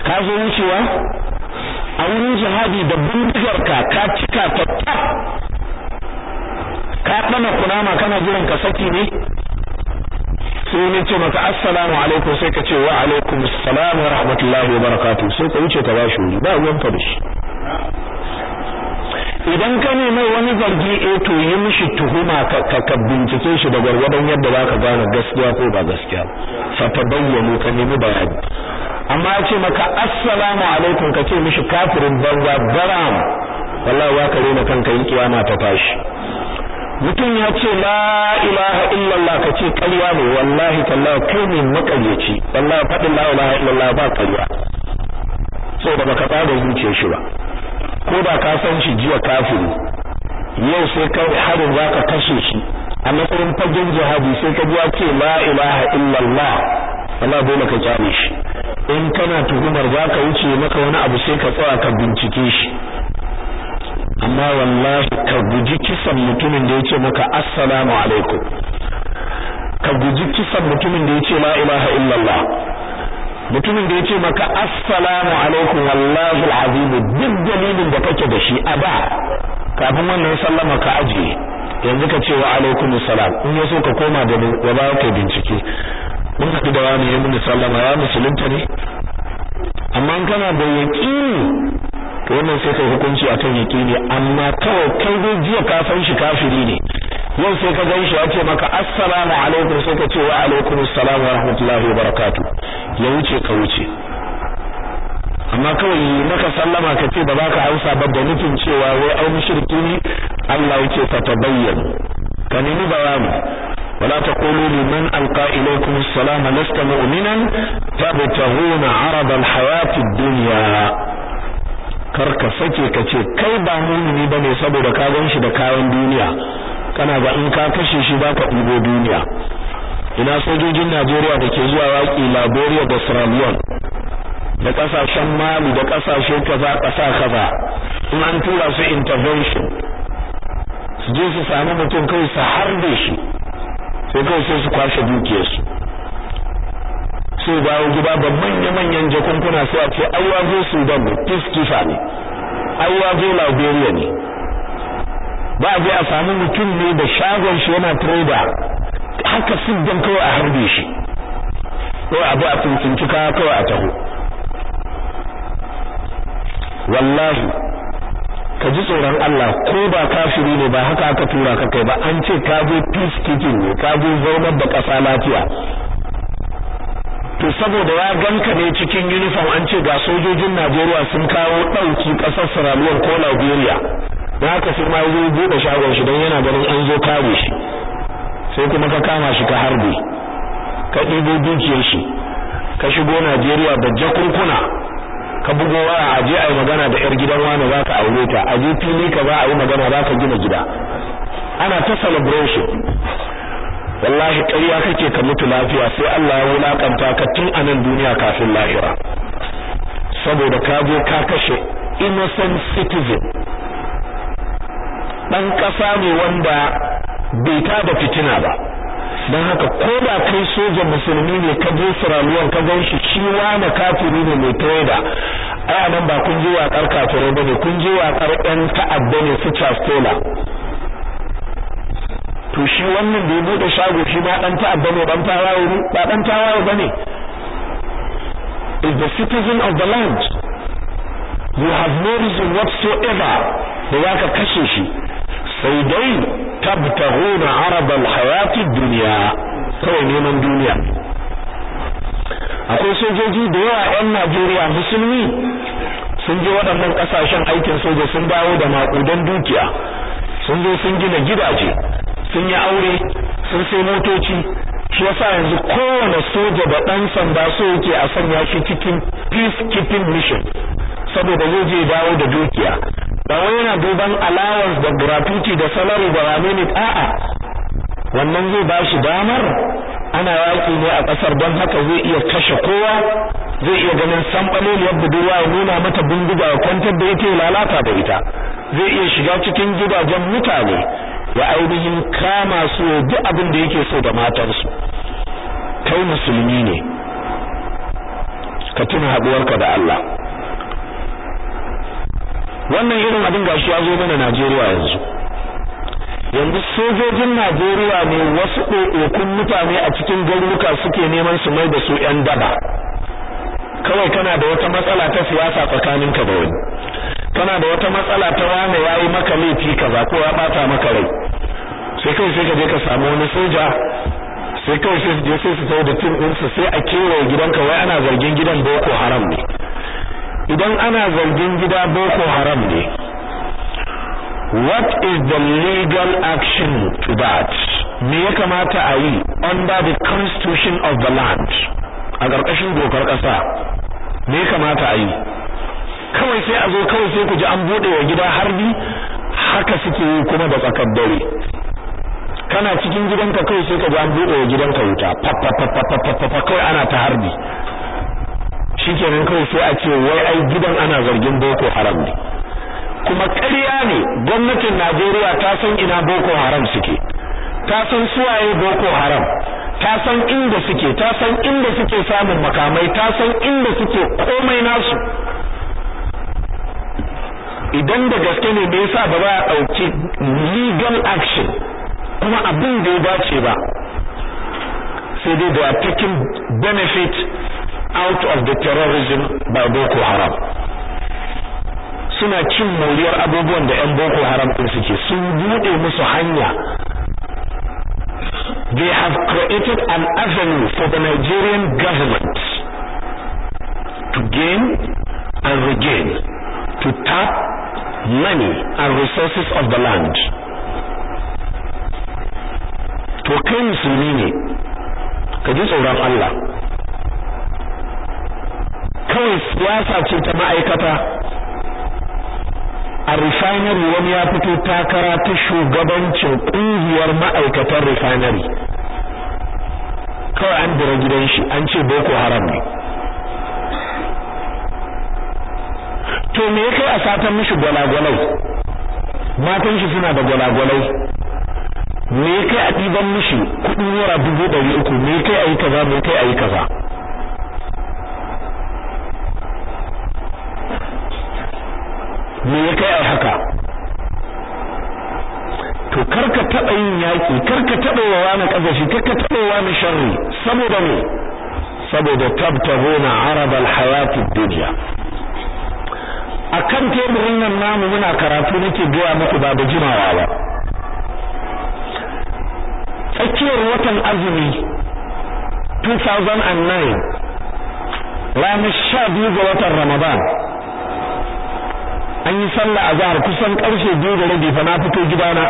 [SPEAKER 1] ka zo wucewa a wurin jihadi da bindigarka ka cika ta ka ɗana kunama kana jiran ka saki ne sai ne ce maka assalamu alaikum sai ka ce wa alaikum assalam wa rahmatullahi wa barakatuh sai ka wuce ka bashi wuri ba ruwanka da shi idan ka nemi wani zargi eh to yi mishi tuhuma ka ka bincike shi da gwargwadon yadda zaka gane gaskiya ko ba gaskiya fa tabayyanu ka nemi bayani amma ya ce maka assalamu alaikum ka ce mishi kafirin banza baram wallahi ya ka na kanka yin kiyama ta tashi mutum ya ce la ilaha illallah ka ce ƙarya ne wallahi tallahi kai ne makaryaci wallahi faɗin la ilaha illallah ba ƙarya da baka tsada zuciyar shi ba ko da ka san shi jiya kafiri yau sai kai harin ka kashe shi a matsayin fagen jihadi sai ka biya ce la ilaha illallah wallahi dole ka kyale shi in kana tuhumar za ka wuce maka wani abu sai ka tsaya ka bincike shi amma wallahi ka guji kisan mutumin da ya ce maka assalamu alaikum ka guji kisan mutumin da ya ce la ilaha illallah mutumin da ya ce maka assalamu alaikum wallahi alazim duk dalilin da kake da shi a ba. kafin wannan sallama ka ajiye yanzu ka ce wa alaikum salam in yaso ka koma da mu ya ba ka bincike mun haɗu da wani ya sallama ya musulunta ne amma in kana da yaqini to wannan sai kai hukunci akan yaqini amma kawai kai dai jiya ka san shi kafiri ne yau sai ka gan shi ya ce maka assalamu alaikum sai ka ce wa alaikum salam wa rahmatullahi wa barakatuh ya wuce ka wuce amma kawai yi maka sallama ka ce ba za ka amsa ba da nufin cewa wai au mushriki ne Allah yake fa tabayyan ka nemi bayani ولا تقولوا لمن ألقى إليكم السلام لست مؤمنا تبتغون عرض الحياة الدنيا karka sake ka ce kai ba mumini ba ne saboda ka gan da kayan duniya kana ga in ka kashe shi ba ka ɗibo duniya ina sojojin najeriya da ke zuwa yaƙi laboriya da da kasashen mali da kasashe kaza kasa kaza in an tura su intervention su je su sami mutum kai su harbe shi sai kawai sai su kwashe dukiyarsu sai dawo gida da manya-manyan jakunkuna sai a ce ai zo sudan ne peacekeeper ne ai zo liberia ne ba a je a sami mutum ne da shagon shi yana trader haka sun don kawai a harbe shi ko a bi a tuntunci kawai a taho wallahi ka ji tsoron Allah ko ba kafiri ne ba haka aka tura ka kai ba an ce ka zo peacekeeping ne ka zo zaunar da ƙasa lafiya to saboda ya ganka ne cikin uniform an ce ga sojojin Najeriya sun kawo ɗauki ƙasar Sierra Leone ko Liberia da haka sai ma zo buɗe shagon shi don yana ganin an zo kare shi sai kuma ka kama shi ka harbe ka ɗibo dukiyar shi ka shigo Najeriya da jakunkuna ka bugo waya a je a yi magana da yar gidan wani za ka aure ta a je fili ka za a yi magana za ka gina gida ana ta celebration wallahi ƙarya kake ka mutu lafiya sai Allah ya wulakanta ka tun a nan duniya kafin lahira saboda ka je ka kashe innocent citizen ɗan ƙasa ne wanda bai ta da fitina ba don haka ko da kai sojan musulmi ne ka je sirariyar ka gan shi shi wani kafiri ne mai tawada a nan ba kun je waƙar kafirai ba ne kun je waƙar ɗan ta'adda ne su castola to shi wannan da ya bude shago shi ba ɗan ta'adda ne ɗan tawaye ne ba ɗan tawaye ba ne is the citizen of the land you have no reason whatsoever da ya ka kashe shi sai dai tabtaghuna arab alhayati dunya kawai neman duniya akwai sojoji da yawa yan Najeriya musulmi sun je waɗannan ƙasashen aikin soja sun dawo da maƙudan dukiya sun zo sun gina gidaje sun yi aure sun sai motoci shi yasa yanzu kowane soja da ɗan sanda so yake a sanya shi cikin keeping mission saboda zai dawo da dukiya ba wai yana duban allowance da gratuity da salary da wani a'a wannan zai ba shi damar ana yaki ne a ƙasar don haka zai iya kashe kowa zai iya ganin yadda budurwa ya nuna mata bindiga ya kwantar da yake lalata da ita zai iya shiga cikin gidajen mutane ya ainihin kama su ya duk abin da yake so da matarsu kai musulmi ne ka tuna haɗuwarka da Allah wannan irin abin gashi ya zo mana Najeriya yanzu yanzu sojojin Najeriya ne wasu kokokun mutane a cikin garuruka suke neman su mai da su ƴan daba kawai kana da wata matsala ta siyasa tsakaninka da wani kana da wata matsala ta wani yayi maka laifi kaza ko ya bata maka rai sai kai sai ka je ka samu wani soja sai kai sai je sai su tau da tin din sai a kewaye gidanka wai ana zargin gidan Boko Haram ne idan ana zargin gida boko haram ne what is the legal action to that me ya kamata a yi under the constitution of the land a ƙarƙashin dokar ƙasa me ya kamata a yi kawai sai a zo kawai sai ku ji an buɗe wa gida harbi haka suke yi kuma da tsakar dare kana cikin gidanka kawai sai ka ji an buɗe wa gidanka wuta fa kawai ana ta harbi shikenan kawai sai a ce wai ai gidan ana zargin boko haram ne kuma ƙarya ne gwamnatin Najeriya ta san ina boko haram suke ta san suwaye boko haram ta san inda suke ta san inda suke samun makamai ta san inda suke komai nasu idan da gaske ne bai sa ba za a ɗauki legal action kuma abin da ya dace ba sai dai da taking benefit out of the terrorism by Boko Haram suna cin moriyar abubuwan da 'yan Boko Haram ɗin suke sun buɗe musu hanya they have created an avenue for the Nigerian government to gain and regain to tap money and resources of the land to kai musulmi ne ka ji tsoron Allah kawai siyasa ce ta ma'aikata a refinery wani ya fito takara ta shugabancin ƙungiyar ma'aikatan refinery kawai an dira gidan shi an ce boko haram ne to me ya kai a satan mishi gwalagwalai matan shi suna da gwalagwalai me ya kai a ɗiban mishi kuɗin wara dubu ɗari uku me ya kai a yi kaza me ya kai a yi kaza me ya kai ai haka
[SPEAKER 2] to karka taba yin yaki karka taba wa wani
[SPEAKER 1] kazashi karka taba wa wani sharri saboda me saboda tabtaguna arab alhayat ad-dunya akan teburin nan namu muna karatu nake gaya muku ba da jimawa ba tsakiyar watan azumi 2009 ranar sha biyu ga watan ramadan an yi sallah a zahar kusan karshe biyu da rabi fa na fito gidana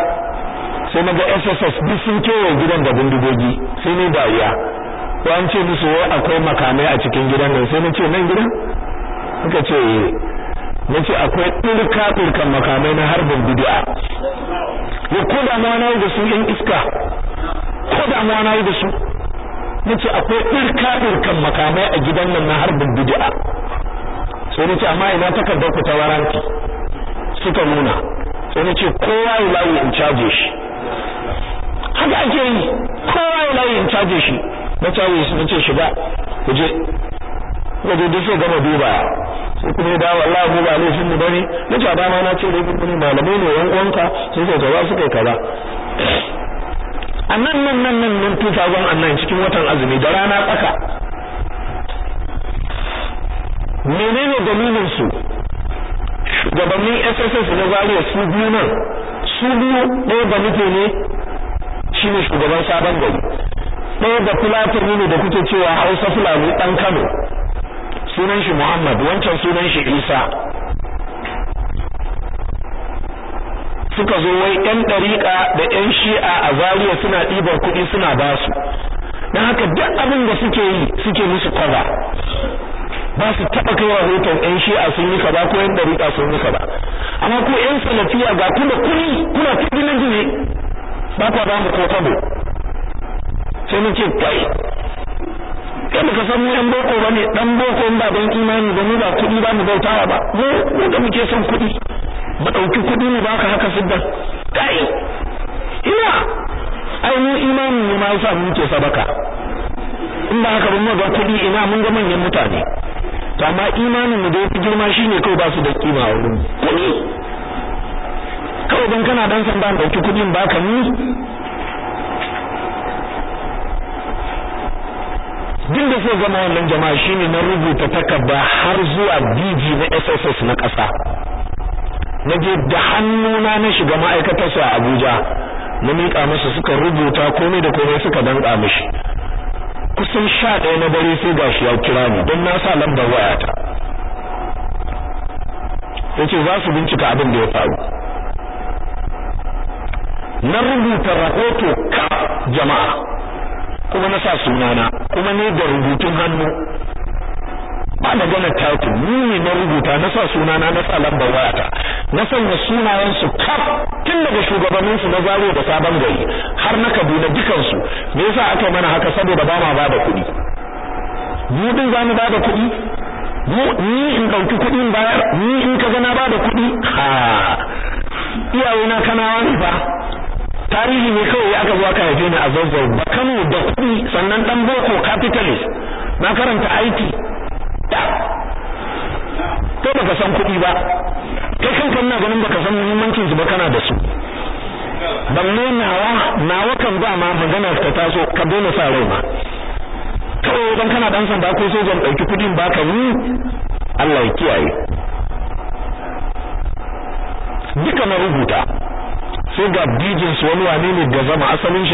[SPEAKER 1] sai na ga SSS duk sun kewaye gidan da bindigogi sai ne iya ko an ce musu wai akwai makamai a cikin gidan nan sai na ce nan gidan suka ce eh. na ce akwai ɗirka ɗirkan makamai na harbin bid'a ya ko da ma na yi da su yan iska ko da ma na yi da su na ce akwai ɗirka ɗirkan makamai a gidan nan na harbin bid'a sai ce amma ina takardar ku ta waranti suka nuna sai ce kowa ya layi in caje shi haka ake yi kowa ya layi in caje shi na caje shi ce shiga ku je je duk sai gama duba sai kuma da wallahi mu ba laifin mu bane nace a dama na ce dai kun ne malamai ne yan uwanka sai ka gaba suka kaza annan nan nan nan nan 2000 annan cikin watan azumi da rana tsaka menene dalilin su gabanin SSS na Zariya su biyu nan su biyu ɗaya da nufe ne ne shugaban sabon gari ɗaya da fulatani ne da kuke cewa Hausa Fulani ɗan Kano sunan shi Muhammad wancan sunan shi Isa
[SPEAKER 2] suka zo wai 'yan ɗariƙa da 'yan shi'a a
[SPEAKER 1] zariya suna ɗibar kuɗi suna basu don haka duk abin da suke yi suke musu kwaza ba su taɓa kai rahoton ƴan shi'a sun yi kaza ko ƴan a sun yi kaza amma ko ƴan salafiya ga kuma kuni kuna kuɗi na jini ba ta ba mu ko tabo sai mu ce kai kai ka san mu ƴan boko ba ne ɗan boko ba don imani ba mu ba kuɗi ba mu bautawa ba mu mu da muke son kuɗi ba ɗauki kuɗi mu ka haka sidda kai ina ai mu imani ne ma yasa mu ke sadaka in ba haka ba mu ga kuɗi ina mun ga manyan mutane to amma imanin mu da yafi girma shine kawai ba su da kima a wurin kuɗi kawai dan kana dan san ban dauki kuɗin baka ni din da sai zama wannan jama'a shine na rubuta takarda har zuwa DG na SSS na ƙasa na je da hannuna na shiga ma'aikatar su a Abuja na miƙa masa suka rubuta komai da komai suka danƙa mishi kusan sha ɗaya na dare sai gashi ya kira ni don na sa lambar wayata ya ce za su bincika abin da ya faru na rubuta rahoto ka jama'a kuma na sa sunana kuma ne da rubutun hannu ba magana title ni muni na rubuta na sa suna na na sa lambar wayata na sanya sunayen su kaf tun daga shugabannin su na zaro da sabon gari har na Kaduna dukan su me yasa aka mana haka saboda ba ma ba da kuɗi mu din za mu ba da kuɗi mu ni in dauki kuɗi in bayar ni in ka na ba da kuɗi ha iyaye na kanawa ne fa tarihi ne kawai aka zo aka haife ni a zazzau ba kano da kuɗi sannan dan boko capitalist na karanta IT kai baka san kuɗi ba kai kanka ina ganin ka san muhimmancin su ba kana da su ne nawa nawa kan ba ma magana ta taso ka dole sa rai ma kawai dan kana dan sanda ko sojan ɗauki kuɗin ka yi Allah ya kiyaye duka na rubuta sai ga bijin su wani wane ne ga zama asalin shi